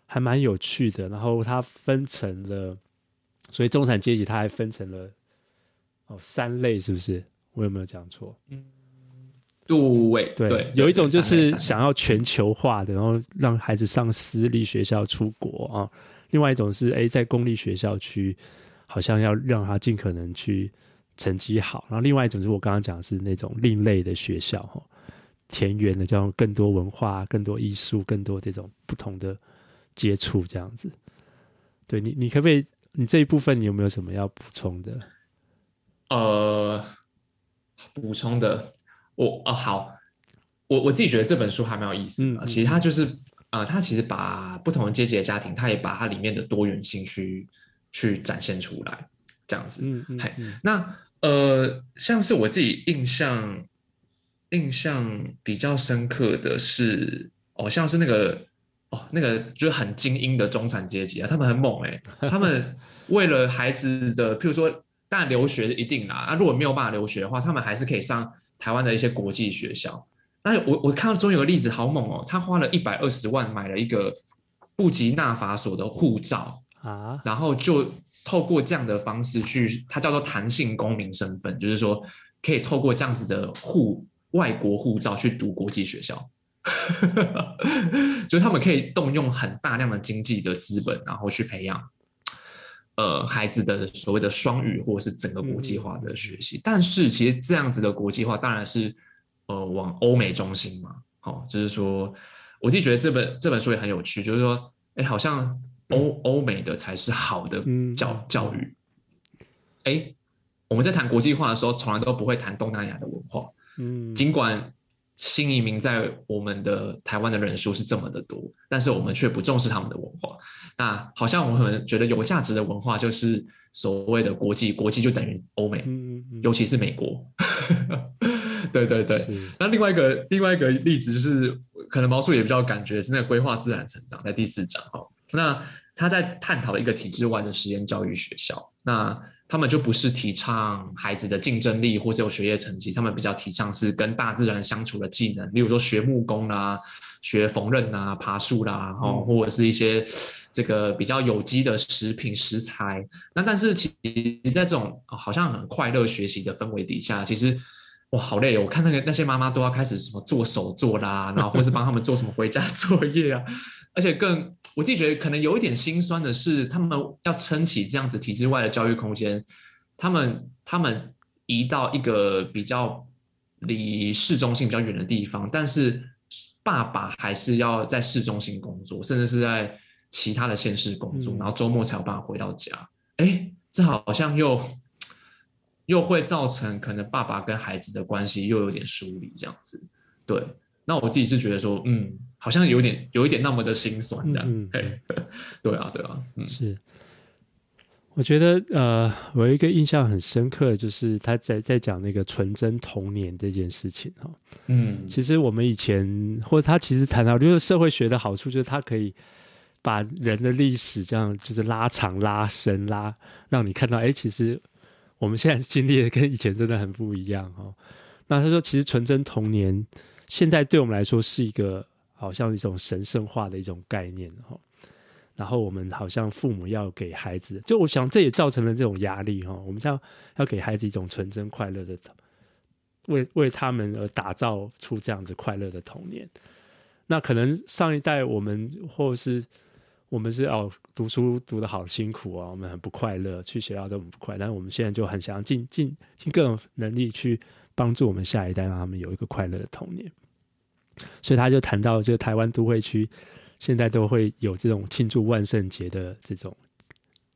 還蠻有趣的。然後他分成了。所以中產階級他還分成了哦三類，是不是？我有沒有講錯？嗯，杜偉對對，有一種就是想要全球化的，然後讓孩子上私立學校出國啊；另外一種是哎、欸、在公立學校去，好像要讓他尽可能去成績好；然後另外一種是我剛剛講的是那種另類的學校哈、哦，田園的，這樣更多文化、更多藝術、更多這種不同的接觸，這樣子。對你，你可不可以？你這一部分你有沒有什麼要補充的？呃，補充的，我啊、哦、好，我我自己覺得這本書還蠻有意思，嗯嗯，其實它就是啊、呃，它其實把不同的階級的家庭，它也把它裡面的多元性去去展現出來，這樣子。嗯嗯，嗯。嘿，那呃，像是我自己印象印象比較深刻的是，哦，像是那個哦，那個就是很精英的中產階級啊，他們很猛哎、欸，他們。 為了孩子的，譬如說，當然留學一定啦。那、啊、如果沒有辦法留學的話，他們還是可以上台灣的一些國際學校。那我我看到中有個例子，好猛哦！他花了一百二十萬買了一個布吉納法索的護照啊，然後就透過這樣的方式去，它叫做彈性公民身份，就是說可以透過這樣子的護外國護照去讀國際學校， 就是他們可以動用很大量的經濟的資本，然後去培養。呃，孩子的所謂的雙語或者是整個國際化的學習，嗯，但是其實這樣子的國際化當然是，呃，往歐美中心嘛。好，就是說，我自己覺得這本這本書也很有趣，就是說，哎、欸，好像歐歐、嗯、美的才是好的教、嗯、教育。哎、欸，我們在談國際化的時候，從來都不會談東南亞的文化，盡、嗯、管。新移民在我們的台灣的人數是這麼的多，但是我們卻不重視他們的文化。那好像我們可能覺得有價值的文化就是所謂的國際，國際就等於歐美，嗯嗯，尤其是美國。 對對對，對。那另外一個另外一個例子就是，可能毛叔也比較感覺是那個規劃自然成長，在第四章哦。那他在探討一個體制外的實驗教育學校。那他們就不是提倡孩子的競爭力或是有學業成績，他們比較提倡是跟大自然相處的技能，例如說學木工啦，啊、學縫紉啦、啊、爬樹啦、啊，然、哦、後或者是一些這個比較有機的食品食材。那但是其實在這種好像很快樂學習的氛圍底下，其實哇好累哦！我看那個那些媽媽都要開始什麼做手作啦，然後或者是幫他們做什麼回家作業啊， 而且更。我自己覺得可能有一點心酸的是，他們要撐起這樣子體制外的教育空間，他們他們移到一個比較離市中心比較遠的地方，但是爸爸還是要在市中心工作，甚至是在其他的縣市工作，然後週末才有辦法回到家。哎，嗯，欸，這好像又又會造成可能爸爸跟孩子的關係又有點疏離這樣子。對，那我自己是覺得說，嗯。好像有點有一點那麼的心酸的、嗯，對啊，對啊，嗯、是。我覺得呃，我有一個印象很深刻，就是他在在講那個純真童年這件事情哈，嗯，其實我們以前或者他其實談到就是社會學的好處，就是他可以把人的歷史這樣就是拉長、拉伸、拉，讓你看到，哎、欸，其實我們現在經歷的跟以前真的很不一樣哈。那他說，其實純真童年現在對我們來說是一個。好像一種神聖化的一種概念哈，然後我們好像父母要給孩子，就我想這也造成了這種壓力哈。我們像要給孩子一種純真快樂的，為為他們而打造出這樣子快樂的童年。那可能上一代我們或是我們是哦，讀書讀得好辛苦哦，我們很不快樂，去學校都很不快。但是我們現在就很想盡盡盡各種能力去幫助我們下一代，讓他們有一個快樂的童年。所以他就談到，就台灣都會區現在都會有這種慶祝萬聖節的這種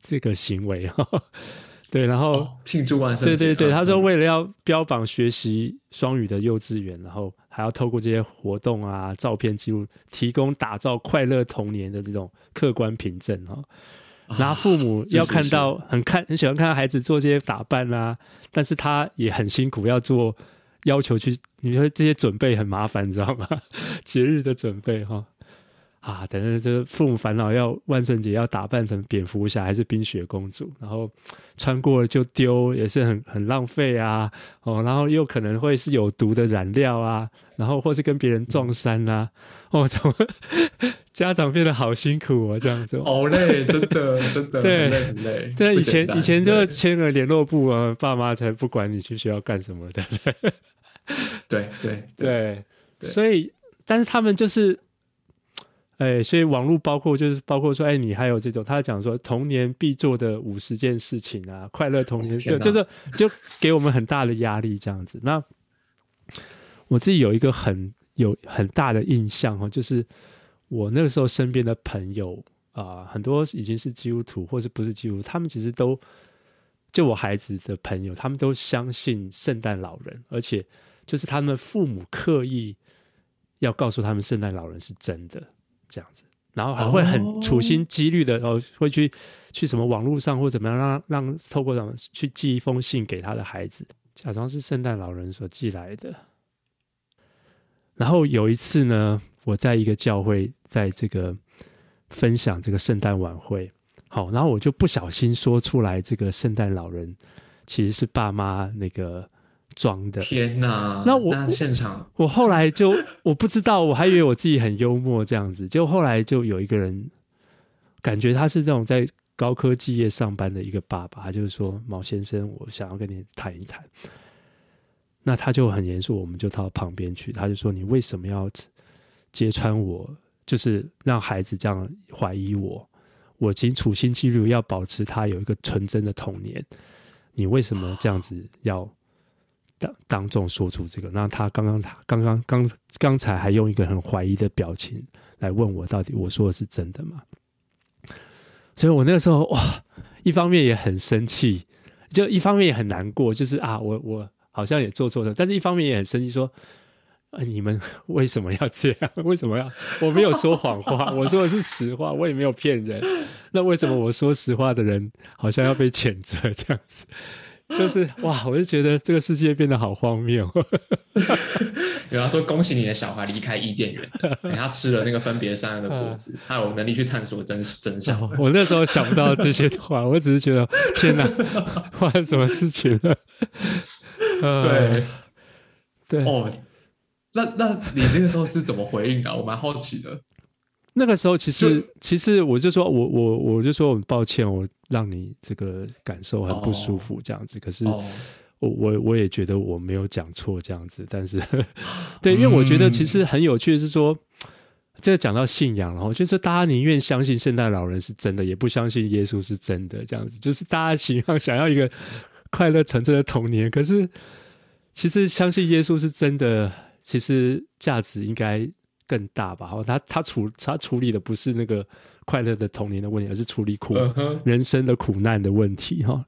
這個行為哈。 對，然後慶、哦、祝萬聖節，對對對，他說為了要標榜學習雙語的幼稚園、啊嗯，然後還要透過這些活動啊、照片記錄，提供打造快樂童年的這種客觀憑證哈、啊。然後父母要看到很看很喜歡看到孩子做這些打扮啊，但是他也很辛苦要做。要求去，你說這些準備很麻煩，你知道嗎？節日的準備哈、哦，啊，等等，這、就是、父母煩惱要萬聖節要打扮成蝙蝠俠還是冰雪公主，然後穿過了就丟，也是很很浪費啊哦，然後又可能會是有毒的染料啊，然後或是跟別人撞衫啊。嗯、哦怎麼，家長變得好辛苦哦、啊，這樣子好、哦、累，真的真的 對真的很累，很累，對以前以前就簽了聯絡簿啊，爸媽才不管你去學校幹什麼的。對對對對，對，對，所以，但是他們就是，哎，所以網絡包括就是包括說，哎，你還有這種，他講說童年必做的五十件事情啊，快樂童年就就是就給我們很大的壓力這樣子。那我自己有一個很有很大的印象哈，就是我那個時候身邊的朋友啊，呃，很多已經是基督徒或者不是基督徒，他們其實都就我孩子的朋友，他們都相信聖誕老人，而且。就是他們父母刻意要告訴他們聖誕老人是真的這樣子，然後還會很處心積慮的，哦，會去去什麼網絡上或怎麼樣讓讓透過什麼去寄一封信給他的孩子，假裝是聖誕老人所寄來的。然後有一次呢，我在一個教會，在這個分享這個聖誕晚會，好，然後我就不小心說出來，這個聖誕老人其實是爸媽那個。裝的。天哪！那我那現場我，我後來就我不知道，我還以為我自己很幽默這樣子，就後來就有一個人，感覺他是這種在高科技業上班的一個爸爸，就是說毛先生，我想要跟你談一談。那他就很嚴肅，我們就到旁邊去，他就說：“你為什麼要揭穿我？就是讓孩子這樣懷疑我？我已經處心積慮要保持他有一個純真的童年，你為什麼這樣子要？”當當眾說出這個，那他剛剛、剛剛、剛剛才還用一個很懷疑的表情來問我，到底我說的是真的嗎？所以我那個時候哇，一方面也很生氣，就一方面也很難過，就是啊，我我好像也做錯了，但是一方面也很生氣，說、呃、啊，你們為什麼要這樣？為什麼要我沒有說謊話？ 我說的是實話，我也沒有騙人，那為什麼我說實話的人好像要被譴責這樣子？就是哇，我就覺得這個世界變得好荒謬。 有他說：“恭喜你的小孩離開伊甸園、 欸，他吃了那個分別善惡的果子、啊，他有能力去探索真真相。哦”我那時候想不到這些話， 我只是覺得天哪，發 生什麼事情了？呃、對對哦，oh, 那那你那個時候是怎麼回應的？我蠻好奇的。那個時候，其實其實我就說我我我就說很抱歉，我讓你這個感受很不舒服這樣子。哦、可是、哦、我我我也覺得我沒有講錯這樣子。但是， 對，因為我覺得其實很有趣是說，嗯、這個講到信仰，然後就是大家寧願相信聖誕老人是真的，也不相信耶穌是真的這樣子。就是大家希望想要一個快樂純粹的童年。可是，其實相信耶穌是真的，其實價值應該，更大吧？哦、他他處他處理的不是那個快樂的童年的問題，而是處理苦、uh -huh. 人生的苦難的問題。哈、哦，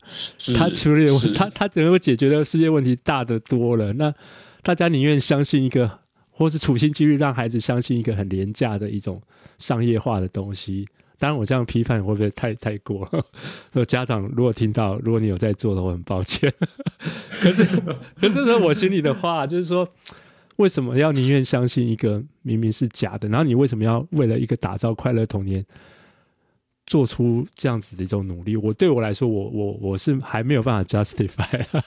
他處理的他他整個解決的世界問題大得多了。那大家寧願相信一個，或是處心積慮讓孩子相信一個很廉價的一種商業化的東西。當然，我這樣批判會不會太太過了？那 家長如果聽到，如果你有在做的話，很抱歉。可 是可是，在我心裡的話， 就是說。為什麼要寧願相信一個明明是假的？然後你為什麼要為了一個打造快樂童年，做出這樣子的一種努力？我對我來說，我我我是還沒有辦法 justify。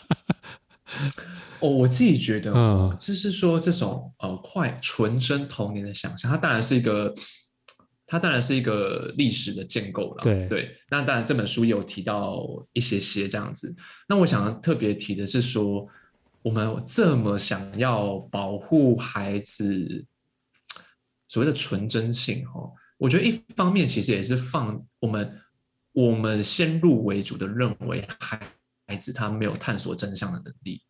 哦，我自己覺得，就是說，嗯，這種呃快純真童年的想象，它當然是一個，它當然是一個歷史的建構了。對對，那當然這本書有提到一些些這樣子。那我想特別提的是說。我們這麼想要保護孩子，所謂的純真性，哦，我覺得一方面其實也是放我們我們先入為主的認為孩孩子他沒有探索真相的能力，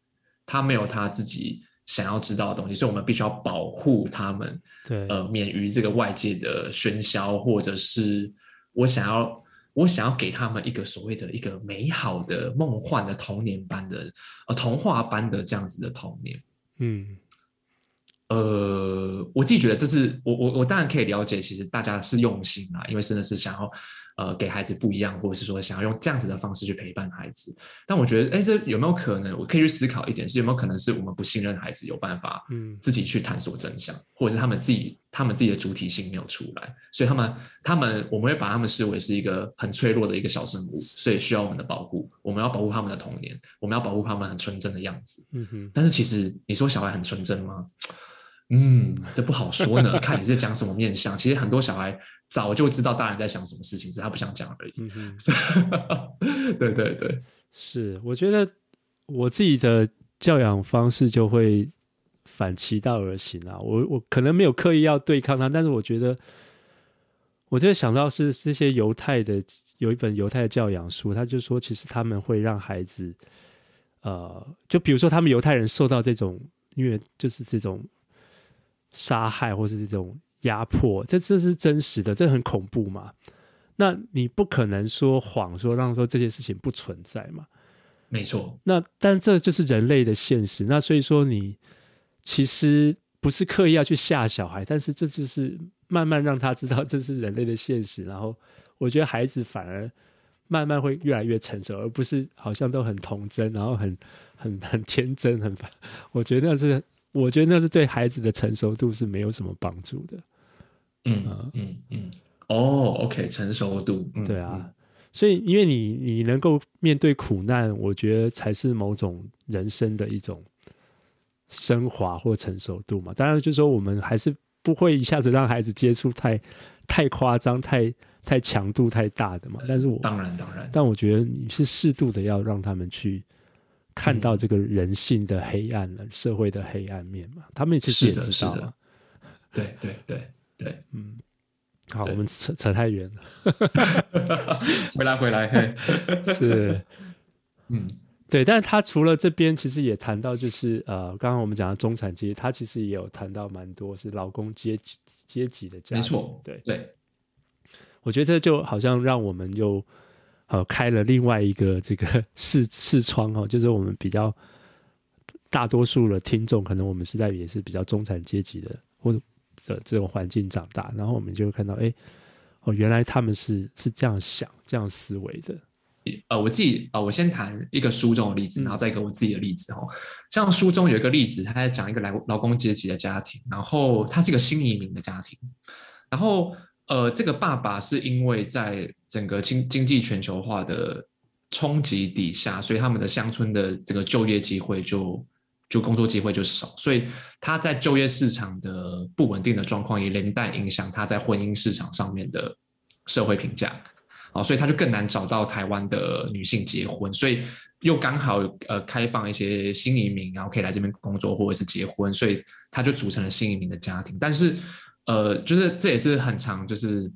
他沒有他自己想要知道的東西，所以我們必須要保護他們，對，呃，免於這個外界的喧囂，或者是我想要。我想要給他們一個所謂的一個美好的夢幻的童年般的，呃，童話般的這樣子的童年。嗯，呃，我自己覺得這是我我我當然可以了解，其實大家是用心啊，因為真的是想要。呃，給孩子不一樣，或者是說想要用這樣子的方式去陪伴孩子，但我覺得，哎，這有沒有可能？我可以去思考一點，是有沒有可能是我們不信任孩子，有辦法，嗯，自己去探索真相，或者是他們自己，他們自己的主體性沒有出來，所以他們，他們，我們會把他們視為是一個很脆弱的一個小生物，所以需要我們的保護。我們要保護他們的童年，我們要保護他們很純真的樣子。嗯哼。但是其實你說小孩很純真嗎？嗯，這不好說呢， 看你是講什麼面向。其實很多小孩。早就知道大人在想什麼事情，是他不想講而已。嗯哼， 對對對，是。我覺得我自己的教養方式就會反其道而行啊。我我可能沒有刻意要對抗他，但是我覺得，我就想到是這些猶太的，有一本猶太的教養書，他就說其實他們會讓孩子，呃，就比如說他們猶太人受到這種虐，就是這種殺害，或是這種。壓迫，這這是真實的，這很恐怖嘛？那你不可能說謊說，說讓說這件事情不存在嘛？沒錯。那但這就是人類的現實。那所以說，你其實不是刻意要去嚇小孩，但是這就是慢慢讓他知道這是人類的現實。然後，我覺得孩子反而慢慢會越來越成熟，而不是好像都很童真，然後很很很天真，很煩，我覺得那是，我覺得那是對孩子的成熟度是沒有什麼幫助的。嗯嗯嗯哦，OK，成熟度，對啊，嗯、所以因為你你能夠面對苦難，我覺得才是某種人生的一種升華或成熟度嘛。當然，就是說我們還是不會一下子讓孩子接觸太太誇張、太太強度太大的嘛。但是我當然當然，但我覺得你是適度的，要讓他們去看到這個人性的黑暗、嗯、社會的黑暗面嘛。他們其實也知道了，對對對。對對，嗯，好，我們扯扯太遠了， 回來回來，嘿，是，嗯， 對，但是他除了這邊，其實也談到，就是呃，剛剛我們講的中產階級，他其實也有談到蠻多是勞工階級階級的家庭，沒錯，對對，對，我覺得這就好像讓我們又呃開了另外一個這個視視窗哦，就是我們比較大多數的聽眾，可能我們是在也是比較中產階級的，或者。的這種環境長大，然後我們就會看到，哎，哦，原來他們是是這樣想，這樣思維的。呃，我自己呃，我先談一個書中的例子，然後再給我自己的例子。哦，像書中有一個例子，他在講一個來勞工階級的家庭，然後他是一個新移民的家庭，然後呃，這個爸爸是因為在整個經經濟全球化的衝擊底下，所以他們的鄉村的這個就業機會就。就工作機會就少，所以他在就業市場的不穩定的狀況也連帶影響他在婚姻市場上面的社會評價，好，所以他就更難找到台灣的女性結婚，所以又剛好呃開放一些新移民，然後可以來這邊工作或者是結婚，所以他就組成了新移民的家庭。但是呃，就是這也是很常，就是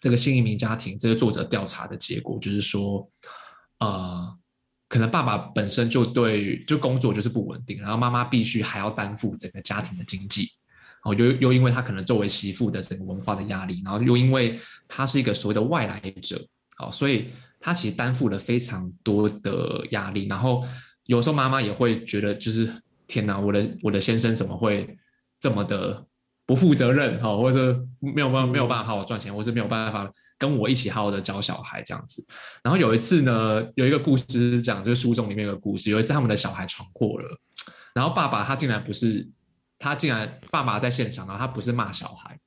這個新移民家庭，這個作者調查的結果就是說，呃。可能爸爸本身就對就工作就是不穩定，然後媽媽必須還要擔負整個家庭的經濟，哦又又因為他可能作為媳婦的整個文化的壓力，然後又因為他是一個所謂的外來者，哦所以他其實擔負了非常多的壓力，然後有時候媽媽也會覺得就是天哪，我的我的先生怎麼會這麼的。不負責任，或者沒有辦法沒有辦法好賺錢，或者是沒有辦法跟我一起好好的教小孩這樣子。然後有一次呢，有一個故事是講，就是書中裡面的故事，有一次他們的小孩闖禍了，然後爸爸他竟然不是，他竟然爸爸在現場啊，然後他不是罵小孩，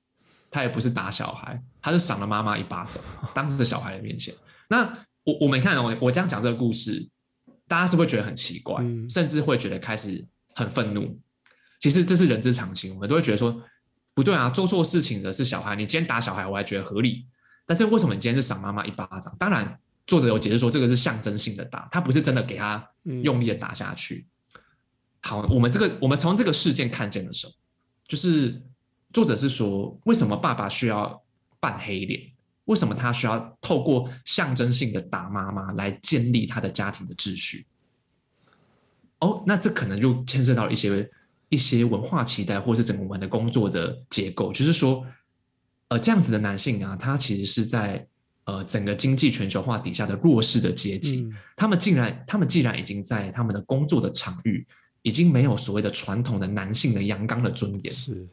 他也不是打小孩，他是賞了媽媽一巴掌，當着小孩的面前。那我我們看，喔，我這樣講這個故事，大家是不是覺得很奇怪，甚至會覺得開始很憤怒、嗯？其實這是人之常情，我們都會覺得說。不對啊，做錯事情的是小孩。你今天打小孩，我還覺得合理。但是為什麼你今天是賞媽媽一巴掌？當然，作者有解釋說，這個是象徵性的打，他不是真的給他用力的打下去。嗯、好，我們這個，我們從這個事件看見了什麼？就是作者是說，為什麼爸爸需要扮黑臉？為什麼他需要透過象徵性的打媽媽來建立他的家庭的秩序？哦，那這可能就牽涉到一些。一些文化期待，或是整個我們的工作的結構，就是說，呃，這樣子的男性啊，他其實是在呃整個經濟全球化底下的弱勢的階級，嗯，他們竟然，他們既然已經在他們的工作的場域，已經沒有所謂的傳統的男性的陽剛的尊嚴。是，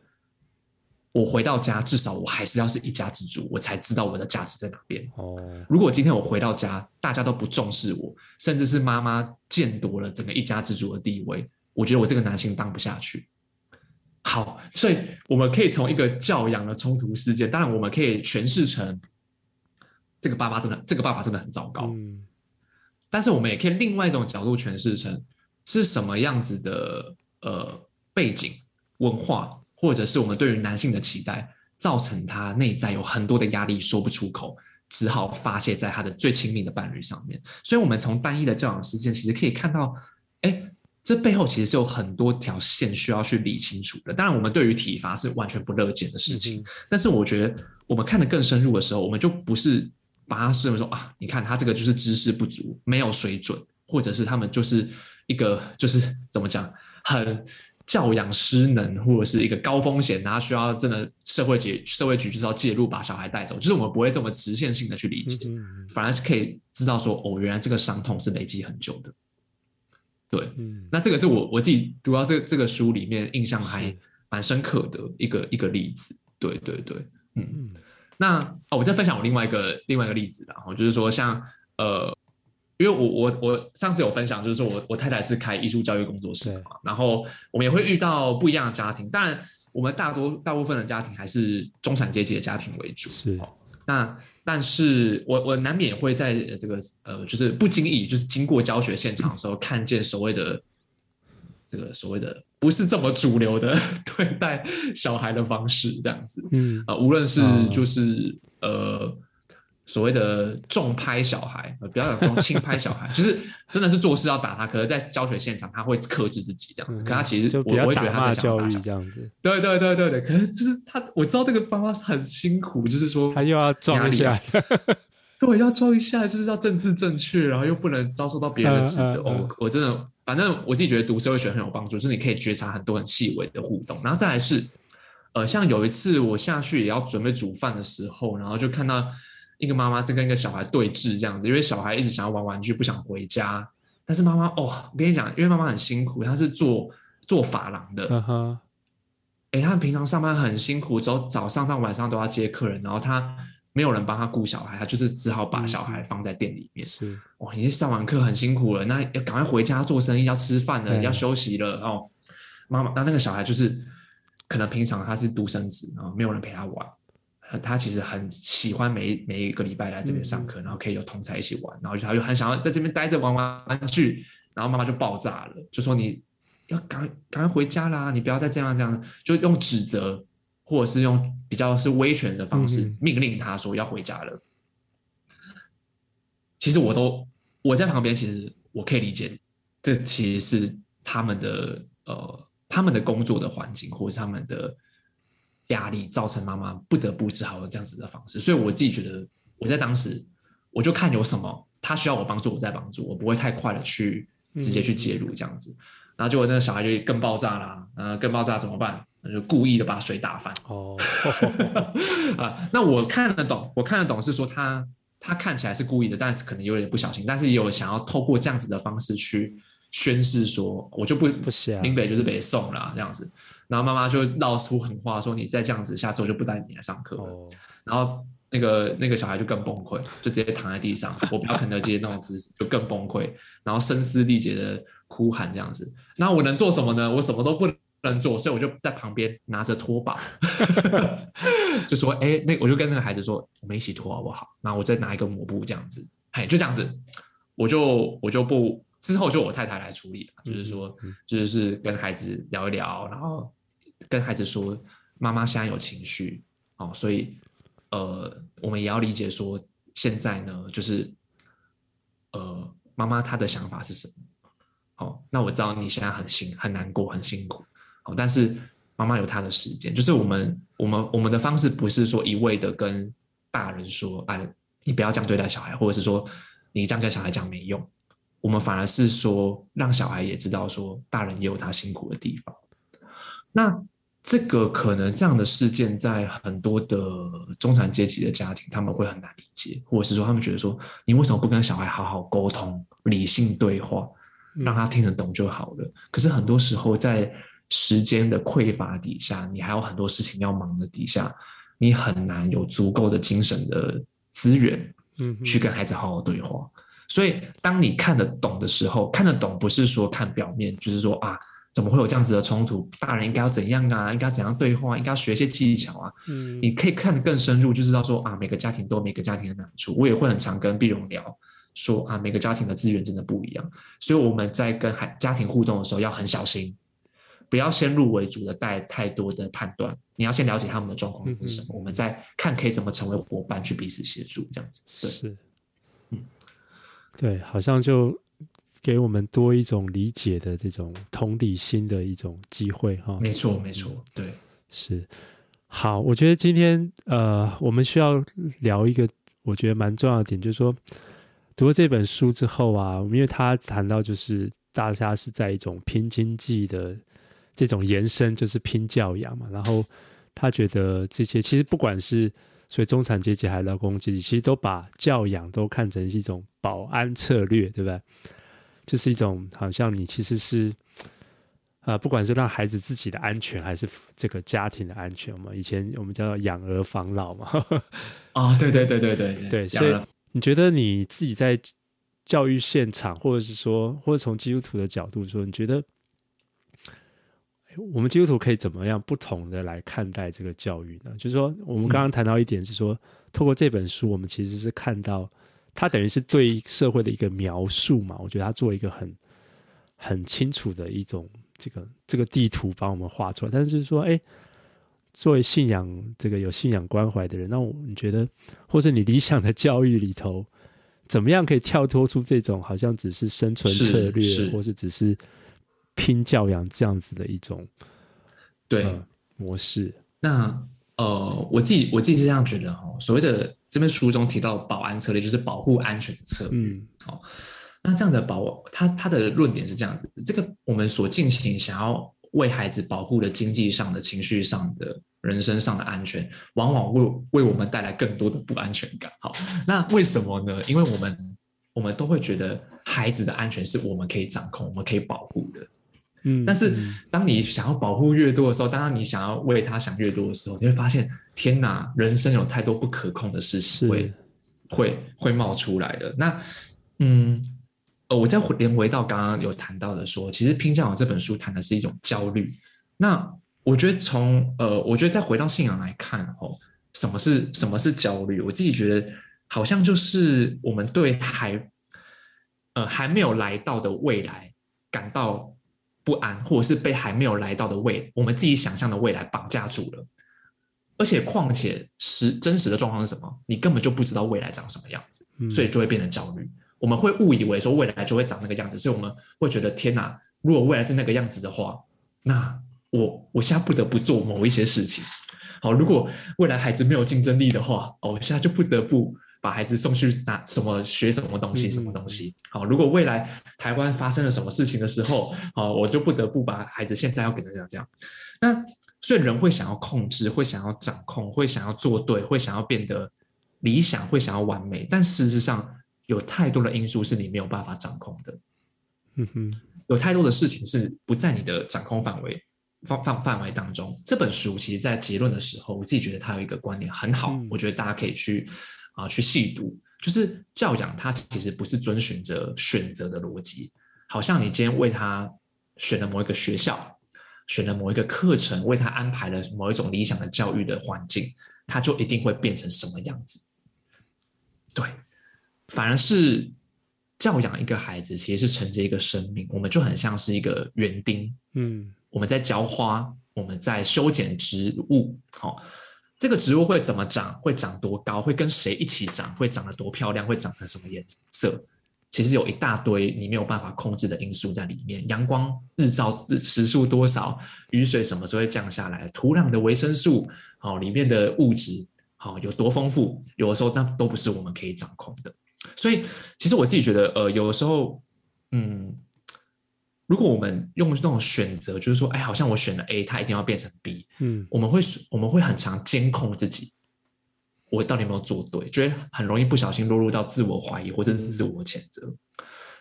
我回到家，至少我還是要是一家之主，我才知道我的價值在哪邊。哦，如果今天我回到家，大家都不重視我，甚至是媽媽見奪了整個一家之主的地位。我覺得我這個男性當不下去，好，所以我們可以從一個教養的衝突事件。當然，我們可以詮釋成這個爸爸真的這個爸爸真的很糟糕。嗯，但是我們也可以另外一種角度詮釋成是什麼樣子的呃背景文化，或者是我們對於男性的期待，造成他內在有很多的壓力，說不出口，只好發洩在他的最親密的伴侶上面。所以，我們從單一的教養事件，其實可以看到，哎，欸。這背後其實是有很多條線需要去理清楚的。當然，我們對於體罰是完全不樂見的事情。嗯、但是，我覺得我們看得更深入的時候，我們就不是把他視為說啊，你看他這個就是知識不足、沒有水準，或者是他們就是一個就是怎麼講，很教養失能，或者是一個高風險，然後需要真的社會解、社會局就是要介入把小孩帶走。就是我們不會這麼直線性的去理解，嗯、反而是可以知道說，哦，原來這個傷痛是累積很久的。對，那這個是我我自己讀到這這個書裡面印象還蠻深刻的一個一個例子。對對對，嗯，那，哦，我再分享我另外一個另外一個例子，然後就是說像，像呃，因為我我我上次有分享，就是說我我太太是開藝術教育工作室嘛，然後我們也會遇到不一樣的家庭，但我們大多大部分的家庭還是中產階級的家庭為主。是，哦，那。但是我我難免會在這個呃，就是不經意就是經過教學現場的時候，看見所謂的這個所謂的不是這麼主流的對待小孩的方式，這樣子，啊、嗯呃，無論是就是、嗯、呃。所謂的重拍小孩，呃、不要講重輕拍小孩， 就是真的是做事要打他。可在教學現場，他會克制自己這樣子。嗯嗯，可他其實我就我會覺得他在教育這樣子。對對對對對。可是，就是他，我知道這個爸爸很辛苦，就是說他又要撞一下， 對，要撞一下，就是要政治正確，然後又不能遭受到別人的指責。我、 哦，我真的，反正我自己覺得讀社會學很有幫助，就是你可以覺察很多很細微的互動。然後再來是，呃，像有一次我下去也要準備煮飯的時候，然後就看到。一個媽媽正跟一個小孩對峙這樣子，因為小孩一直想要玩玩具，不想回家。但是媽媽哦，我跟你講，因為媽媽很辛苦，她是做做髮廊的。嗯哼，哎，她平常上班很辛苦，早上到晚上都要接客人。然後她沒有人幫她顧小孩，她就是只好把小孩放在店裡面。Mm -hmm. 是，哦，已經上完課很辛苦了，那要趕快回家做生意，要吃飯了，yeah. 要休息了。然後媽媽，那那個小孩就是可能平常他是獨生子啊、哦，沒有人陪他玩。他其實很喜歡每每一個禮拜來這邊上課，嗯、然後可以有同儕一起玩，然後他就很想要在這邊待着玩玩、玩具，然後媽媽就爆炸了，就說你、嗯、要趕趕快回家啦，你不要再這樣這樣，就用指責或者是用比較是威權的方式命令他說要回家了。嗯、其實我都我在旁邊，其實我可以理解，這其實是他們的呃他們的工作的環境或者是他們的。壓力造成媽媽不得不只好用這樣子的方式，所以我自己覺得，我在當時我就看有什麼他需要我幫助，我再幫助，我不會太快的去直接去介入這樣子、嗯。然後結果那個小孩就更爆炸了、啊，呃，更爆炸怎麼辦？就故意的把水打翻。哦， 啊，那我看得懂，我看得懂是說他他看起來是故意的，但是可能有點不小心，但是也有想要透過這樣子的方式去宣示，說，我就不不，林北就是被送了、啊、這樣子。然後媽媽就鬧出狠話，說：“你再這樣子，下次我就不帶你來上課。Oh. ”然後那個那個小孩就更崩潰，就直接躺在地上，我比較肯德基那種姿勢， 就更崩潰，然後聲嘶力竭的哭喊這樣子。那我能做什麼呢？我什麼都不能做，所以我就在旁邊拿着拖把， 就說：“哎、欸，那我就跟那個孩子說，我們一起拖好不好？”然後我再拿一個抹布，這樣子，哎，就這樣子，我就我就不之後就我太太來處理了，就是說，mm -hmm. 就是是跟孩子聊一聊，然後。跟孩子說，媽媽現在有情緒，哦，所以，呃，我們也要理解說，現在呢，就是，呃，媽媽她的想法是什麼？哦，那我知道你現在很辛，很難過，很辛苦，哦，但是媽媽有她的時間，就是我們，我們，我們的方式不是說一味的跟大人說，哎、啊，你不要這樣對待小孩，或者是說你這樣跟小孩講沒用，我們反而是說，讓小孩也知道說，大人也有他辛苦的地方，那。這個可能這樣的事件，在很多的中產階級的家庭，他們會很難理解，或者是說，他們覺得說，你為什麼不跟小孩好好溝通、理性對話，讓他聽得懂就好了？可是很多時候，在時間的匱乏底下，你還有很多事情要忙的底下，你很難有足夠的精神的資源，嗯，去跟孩子好好對話。嗯、所以，當你看得懂的時候，看得懂不是說看表面，就是說啊。怎麼會有這樣子的衝突？大人應該要怎樣啊？應該要怎樣對話？應該要學一些技巧啊？嗯，你可以看得更深入，就知道說啊，每個家庭都有每個家庭的難處。我也會很常跟碧蓉聊，說啊，每個家庭的資源真的不一樣，所以我們在跟孩家庭互動的時候要很小心，不要先入為主的帶太多的判斷。你要先了解他們的狀況是什麼，嗯嗯，我們再看可以怎麼成為夥伴去彼此協助，這樣子。對，是，嗯，對，好像就。給我們多一種理解的這種同理心的一種機會哈，沒錯沒錯，對，是好。我覺得今天呃，我們需要聊一個我覺得蠻重要的點，就是說，讀了這本書之後啊，因為他談到就是大家是在一種拼經濟的這種延伸，就是拼教養嘛。然後他覺得這些其實不管是所謂中產階級還是勞工階級，其實都把教養都看成是一種保安策略，對不對？就是一種，好像你其實是啊、呃，不管是讓孩子自己的安全，還是這個家庭的安全嘛。以前我們叫養兒防老嘛。哈哈。啊，對對對對對對。所以你覺得你自己在教育現場，或者是說，或者從基督徒的角度說，你覺得我們基督徒可以怎麼樣不同的來看待這個教育呢？就是說，我們剛剛談到一點是說，嗯、透過這本書，我們其實是看到。他等於是對社會的一個描述嘛？我覺得他做一個很很清楚的一種這個這個地圖，幫我們畫出來。但是說，哎，作為信仰這個有信仰關懷的人，那你覺得或是你理想的教育裡頭，怎麼樣可以跳脫出這種好像只是生存策略，是是或是只是拼教養這樣子的一種對、嗯、模式？那呃，我自己我自己是這樣覺得、哦、所謂的這本書中提到“保安策略”就是保護安全的策略。嗯，好，那這樣的保，他他的論點是這樣子：這個我們所進行想要為孩子保護的經濟上的、情緒上的、人身上的安全，往往為為我們帶來更多的不安全感。好，那為什麼呢？因為我們我們都會覺得孩子的安全是我們可以掌控、我們可以保護的。嗯，但是當你想要保護越多的時候，嗯、當你想要為他想越多的時候，你會發現，天哪，人生有太多不可控的事情會會會冒出來的。那，嗯，呃，我再連回到剛剛有談到的時候，說其實《拚教養》我這本書談的是一種焦慮。那我覺得從呃，我覺得再回到信仰來看哦，什麼是什麼是焦慮？我自己覺得好像就是我們對還呃還沒有來到的未來感到。不安，或者是被還沒有來到的未來，我們自己想象的未來綁架住了。而且，況且，實真實的狀況是什麼？你根本就不知道未來長什麼樣子，所以就會變成焦慮。嗯。我們會誤以為說未來就會長那個樣子，所以我們會覺得天哪，啊！如果未來是那個樣子的話，那我我現在不得不做某一些事情。好，如果未來孩子沒有競爭力的話，哦，我現在就不得不。把孩子送去拿什麼學什麼東西，什麼東西？好、嗯啊，如果未來台灣發生了什麼事情的時候，好、啊，我就不得不把孩子現在要跟這樣這樣。那所以人會想要控制，會想要掌控，會想要做對，會想要變得理想，會想要完美。但事實上，有太多的因素是你沒有辦法掌控的。嗯哼，有太多的事情是不在你的掌控範圍範範範圍當中。這本書其實，在結論的時候，我自己覺得它有一個觀點很好、嗯，我覺得大家可以去。啊，去細讀，就是教養它其實不是遵循着選擇的邏輯，好像你今天為他選了某一個學校，選了某一個課程，為他安排了某一種理想的教育的環境，他就一定會變成什麼樣子？對，反而是教養一個孩子，其實是承接一個生命，我們就很像是一個園丁，嗯，我們在澆花，我們在修剪植物，好、哦。這個植物會怎麼長，會長多高，會跟誰一起長，會長得多漂亮，會長成什麼顏色，其實有一大堆你沒有辦法控制的因素在裡面。陽光、日照、時數多少，雨水什麼時候會降下來，土壤的維生素，好、哦、裡面的物質，好、哦、有多豐富，有的時候那都不是我們可以掌控的。所以，其實我自己覺得，呃，有的時候，嗯。如果我們用這種選擇，就是說，哎，好像我選了 A，它一定要變成 B。嗯，我們會我們會很常監控自己，我到底有沒有做對？覺得很容易不小心落入到自我懷疑或者是自我譴責。嗯、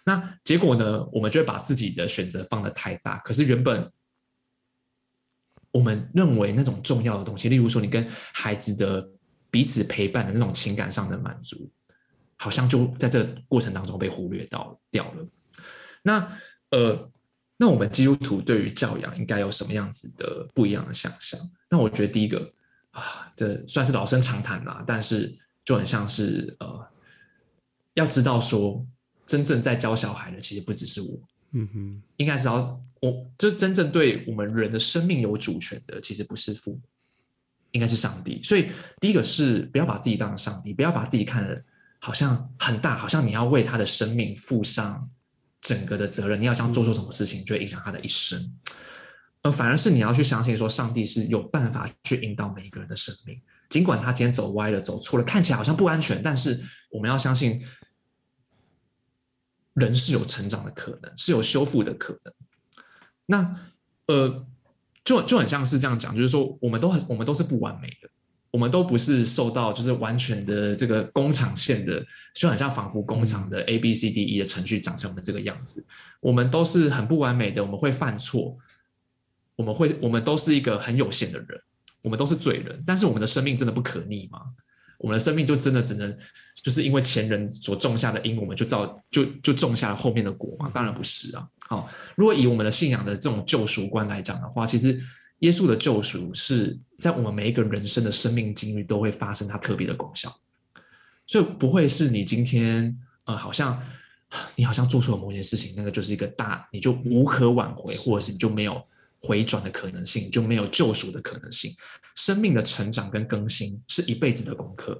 那結果呢？我們就會把自己的選擇放得太大。可是原本我們認為那種重要的東西，例如說你跟孩子的彼此陪伴的那種情感上的滿足，好像就在這個過程當中被忽略到掉了。那呃。那我們基督徒對於教養應該有什麼樣子的不一樣的想象？那我覺得第一個啊，這算是老生常談啦、啊，但是就很像是呃，要知道說，真正在教小孩的其實不只是我，嗯哼，應該知道，我，就真正對我們人的生命有主權的，其實不是父母，應該是上帝。所以第一個是不要把自己當成上帝，不要把自己看的好像很大，好像你要為他的生命負上，整個的責任，你要想做出什麼事情，就會影響他的一生。呃，反而是你要去相信，說上帝是有辦法去引導每一個人的生命，儘管他今天走歪了、走錯了，看起來好像不安全，但是我們要相信，人是有成長的可能，是有修復的可能。那，呃，就就很像是這樣講，就是說，我們都很，我們都是不完美的。我們都不是受到就是完全的這個工廠線的，就很像仿佛工廠的 A B C D E 的程序長成我們這個樣子。我們都是很不完美的，我們會犯錯，我們會，我們都是一個很有限的人，我們都是罪人。但是我們的生命真的不可逆嗎？我們的生命就真的只能就是因為前人所種下的因，我們就造就就種下了後面的果嗎？當然不是啊。好，如果以我們的信仰的這種救贖觀來講的話，其實。耶穌的救贖是在我們每一個人生的生命經歷都會發生它特別的功效，所以不會是你今天呃好像你好像做錯了某件事情，那個就是一個大你就無可挽回，或者是你就沒有回轉的可能性，你就沒有救贖的可能性。生命的成長跟更新是一輩子的功課，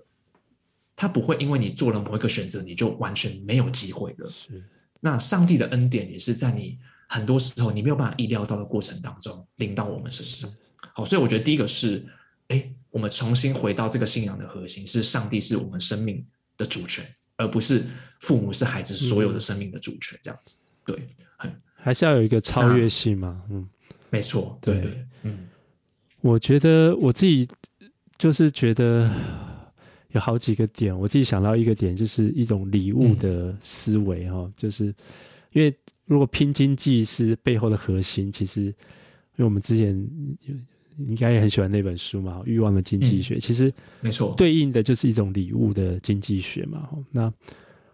它不會因為你做了某一個選擇，你就完全沒有機會了。是，那上帝的恩典也是在你。很多時候你沒有辦法意料到的過程當中臨到我們身上，好，所以我覺得第一個是，哎，我們重新回到這個信仰的核心是上帝是我們生命的主權，而不是父母是孩子所有的生命的主權，嗯、這樣子，對、嗯，還是要有一個超越性嘛，嗯，沒錯對對，對，嗯，我覺得我自己就是覺得有好幾個點，我自己想到一個點就是一種禮物的思維哈、嗯，就是因為。如果拼經濟是背後的核心，其實因為我們之前應該也很喜歡那本書嘛，《欲望的經濟學》。嗯、其實沒錯，對應的就是一種禮物的經濟學嘛。那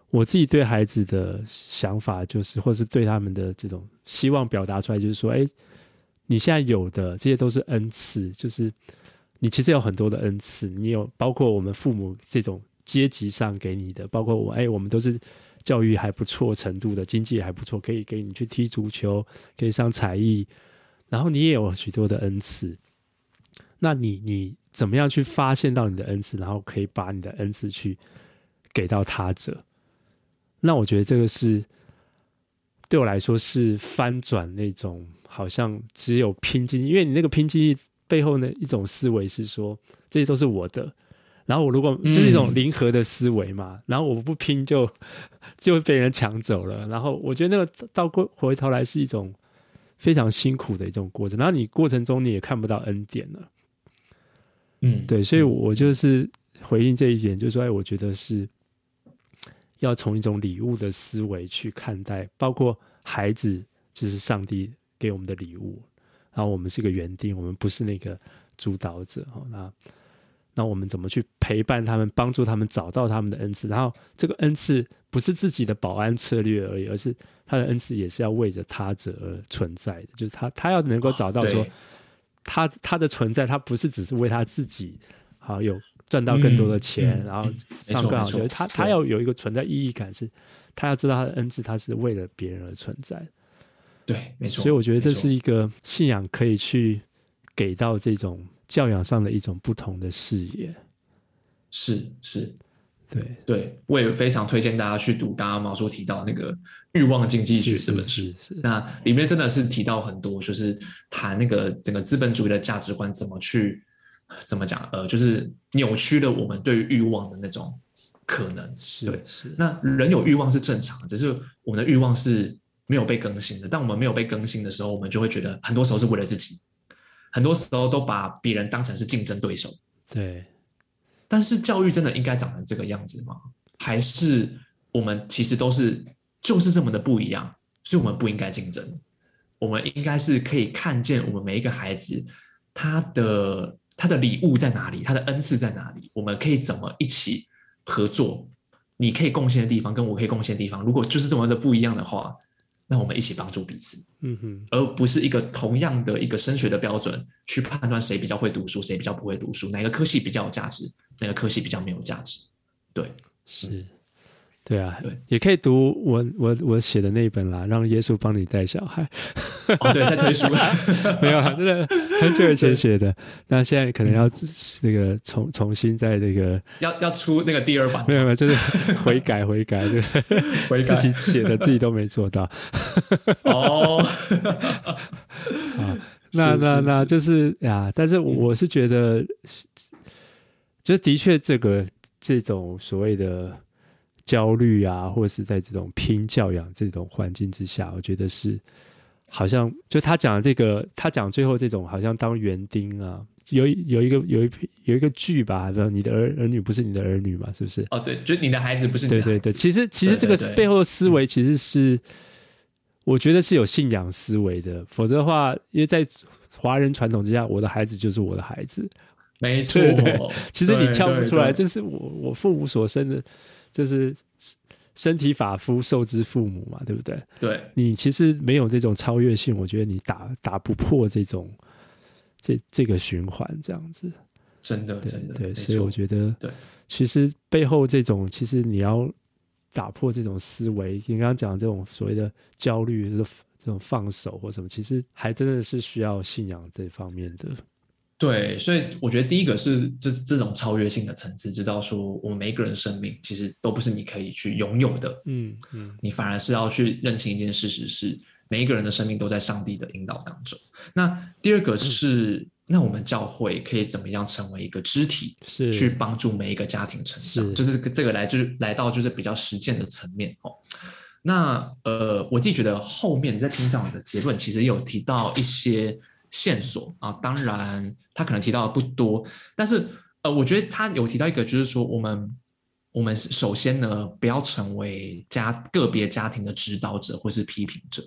我自己對孩子的想法，就是或者是對他們的這種希望表達出來，就是說，哎、欸，你現在有的這些都是恩賜，就是你其實有很多的恩賜，你有包括我們父母這種階級上給你的，包括我，哎、欸，我們都是。教育還不錯程度的，經濟還不錯，可以給你去踢足球，可以上才藝，然後你也有許多的恩賜。那你你怎麼樣去發現到你的恩賜，然後可以把你的恩賜去給到他者？那我覺得這個是對我來說是翻轉那種好像只有拼經濟，因為你那個拼經濟背後呢，一種思維是說這些都是我的。然後我如果就是一種零和的思維嘛、嗯，然後我不拼就就被人搶走了。然後我覺得那個到過回頭來是一種非常辛苦的一種過程。然後你過程中你也看不到恩典了，嗯，對，所以我就是回應這一點，嗯、就是說、哎、我覺得是要從一種禮物的思維去看待，包括孩子就是上帝給我們的禮物。然後我們是一個園丁，我們不是那個主導者。那我們怎麼去陪伴他們，幫助他們找到他們的恩賜？然後這個恩賜不是自己的保安策略而已，而是他的恩賜也是要為着他者而存在的。就是他，他要能夠找到說他、啊，他他的存在，他不是只是為他自己，好有賺到更多的錢，嗯、然後上更好的。嗯嗯就是、他他要有一個存在意義感是，是他要知道他的恩賜，他是為了別人而存在的。對，沒錯。所以我覺得這是一個信仰可以去給到這種。教養上的一種不同的視野，是是，對對，我也非常推薦大家去讀剛剛毛叔提到那個《欲望經濟學》，是是，這本書，那裡面真的是提到很多，就是談那個整個資本主義的價值觀怎麼去怎麼講，呃，就是扭曲了我們對於慾望的那種可能，對，是是，那人有慾望是正常，只是我們的慾望是沒有被更新的，當我們沒有被更新的時候，我們就會覺得很多時候是為了自己。很多時候都把別人當成是競爭對手，對。但是教育真的應該長成這個樣子嗎？還是我們其實都是就是這麼的不一樣，所以我們不應該競爭。我們應該是可以看見我們每一個孩子，他的他的禮物在哪裡，他的恩賜在哪裡，我們可以怎麼一起合作？你可以貢獻的地方，跟我可以貢獻的地方，如果就是這麼的不一樣的話。那我們一起幫助彼此，嗯哼，而不是一個同樣的一個升學的標準去判斷誰比較會讀書，誰比較不會讀書，哪個科系比較有價值，哪個科系比較沒有價值，對，是。對啊對，也可以讀我我我寫的那一本啦，讓耶穌幫你帶小孩。 哦，對，在推書， 沒有了、啊，真的很久以前寫的，那現在可能要、嗯、那個重重新再那個要要出那個第二版。沒有沒有，就是悔改悔改，對 悔改 自己寫的自己都沒做到。哦、 啊，那是是是那那，那就是呀、啊，但是我是覺得，嗯、就的確這個這種所謂的。焦慮啊，或者是在這種拚教養這種環境之下，我覺得是好像就他講的這個，他講最後這種好像當園丁啊，有有一個有一有一個句吧，叫“你的兒兒女不是你的兒女嘛”，是不是？哦，對，就你的孩子不是你孩子。你對對對，其實其實這個背後的思維其實是對對對，我覺得是有信仰思維的，否則的話，因為在華人傳統之下，我的孩子就是我的孩子，沒錯。其實你跳不出來，對對對，就是我我父母所生的。就是身體髮膚受之父母嘛，對不對？對，你其實沒有這種超越性，我覺得你打打不破這種這這個循環，這樣子，真的，對對真的，對，所以我覺得，對，其實背後這種，其實你要打破這種思維，你剛剛講這種所謂的焦慮，是這種放手或什麼，其實還真的是需要信仰這方面的。對，所以我覺得第一個是這這種超越性的層次，知道說我們每一個人的生命其實都不是你可以去擁有的，嗯嗯，你反而是要去認清一件事實，是每一個人的生命都在上帝的引導當中。那第二個是，嗯、那我們教會可以怎麼樣成為一個肢體，是去幫助每一個家庭成長，是就是這個來就是來到就是比較實踐的層面哦。那呃，我自己覺得後面在聽上我的結論，其實有提到一些，線索啊，當然他可能提到的不多，但是呃，我覺得他有提到一個，就是說我們我們首先呢，不要成為家個別家庭的指導者或是批評者，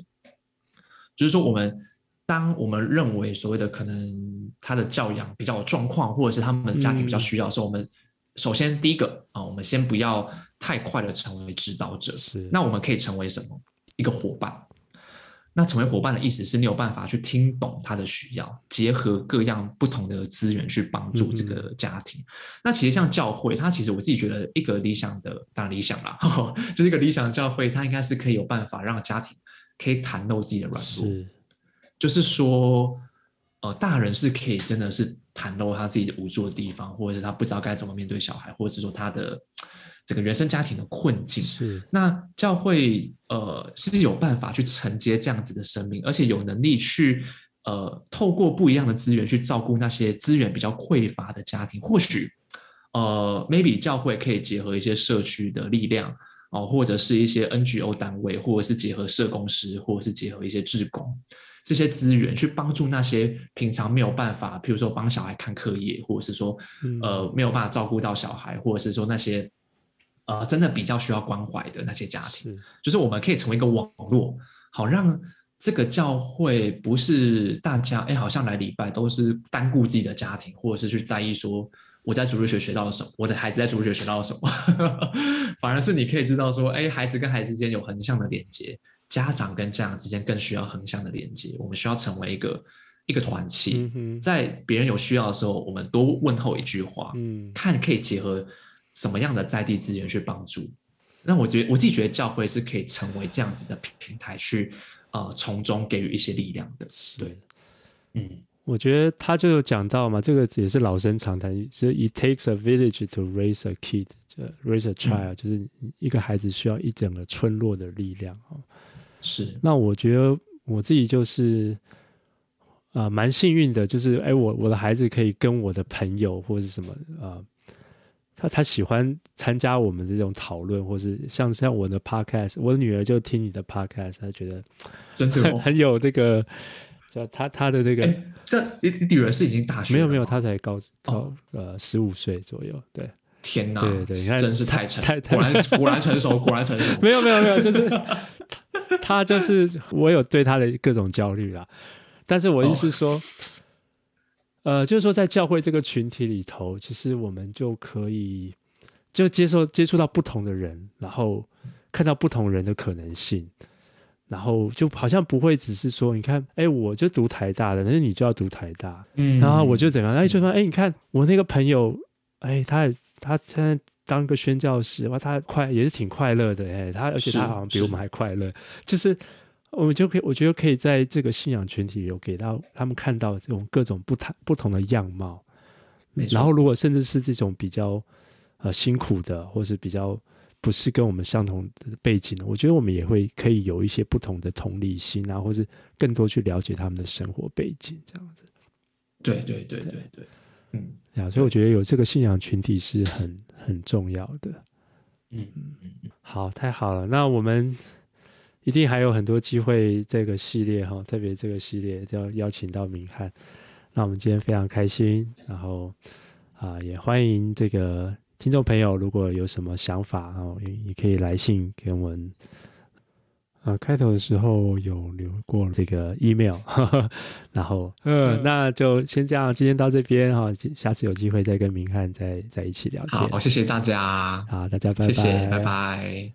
就是說我們當我們認為所謂的可能他的教養比較有狀況，或者是他們的家庭比較需要的時候，嗯，我們首先第一個啊，我們先不要太快的成為指導者，是，那我們可以成為什麼？一個夥伴。那成為夥伴的意思是你有辦法去聽懂他的需要，結合各樣不同的資源去幫助這個家庭。嗯嗯。那其實像教會，他其實我自己覺得一個理想的，當然理想啦，呵呵，就是一個理想教會，他應該是可以有辦法讓家庭可以袒露自己的軟弱，就是說，呃，大人是可以真的是袒露他自己的無助的地方，或者是他不知道該怎麼面對小孩，或者是說他的。整個原生家庭的困境，是那教會呃，是有辦法去承接這樣子的生命，而且有能力去呃，透過不一樣的資源去照顧那些資源比較匱乏的家庭。或許呃，maybe 教會可以結合一些社區的力量哦、呃，或者是一些 NGO 單位，或者是結合社工師，或者是結合一些志工這些資源去幫助那些平常沒有辦法，譬如說幫小孩看課業，或者是說呃沒有辦法照顧到小孩，或者是說那些。啊、呃，真的比較需要關懷的那些家庭，就是我們可以成為一個網絡，好讓這個教會不是大家哎、欸，好像來禮拜都是單顧自己的家庭，或者是去在意說我在主日學學到了什麼，我的孩子在主日學學到了什麼， 反而是你可以知道說，哎、欸，孩子跟孩子之間有橫向的連接，家長跟家長之間更需要橫向的連接，我們需要成為一個一個團體，嗯、在別人有需要的時候，我們多問候一句話，嗯，看可以結合。什麼樣的在地資源去幫助？那我覺得我自己覺得教會是可以成為這樣子的平台去呃從中給予一些力量的。對嗯，我覺得他就有講到嘛，這個也是老生常談，所以 it takes a village to raise a kid，to raise a child，、嗯、就是一個孩子需要一整個村落的力量是，那我覺得我自己就是啊、呃，蠻幸運的，就是哎，我我的孩子可以跟我的朋友或者什麼啊。呃他他喜歡參加我們這種討論，或是像像我的 podcast，我的女兒就聽你的 podcast，她覺得真的很有這個，叫他她的這個。欸、這你女兒是已經大學？沒有沒有，她才高高呃十五歲左右。對，天哪，對對對，對她，真是太成，太太果然 果然成熟，果然成熟。 沒有沒有沒有，就是他就是我有對他的各種焦慮啦，但是我意思是說。哦呃，就是說，在教會這個群體裡頭，其實我們就可以就接受接觸到不同的人，然後看到不同人的可能性，然後就好像不會只是說，你看，哎，我就讀台大的，但是你就要讀台大，嗯，然後我就怎樣，他就說哎，你看我那個朋友，哎，他他現在當個宣教師，哇，他快也是挺快樂的，哎，他而且他好像比我們還快樂，是就是。我們就可以，我覺得可以在這個信仰群體有給到他們看到這種各種不同、不同的樣貌，然後如果甚至是這種比較呃辛苦的，或是比較不是跟我們相同的背景，我覺得我們也會可以有一些不同的同理心啊，或是更多去了解他們的生活背景這樣子。對對對對對，嗯所以我覺得有這個信仰群體是很很重要的。嗯嗯嗯，好，太好了，那我們。一定還有很多機會，這個系列哈，特別這個系列要邀請到明翰。那我們今天非常開心，然後啊、呃，也歡迎這個聽眾朋友，如果有什麼想法啊，也可以來信給我們。啊、呃，開頭的時候有留過這個 email，呵呵然後嗯、呃，那就先這樣，今天到這邊哈，下次有機會再跟明翰再一起聊天。好，謝謝大家，好、啊，大家拜拜謝謝拜拜。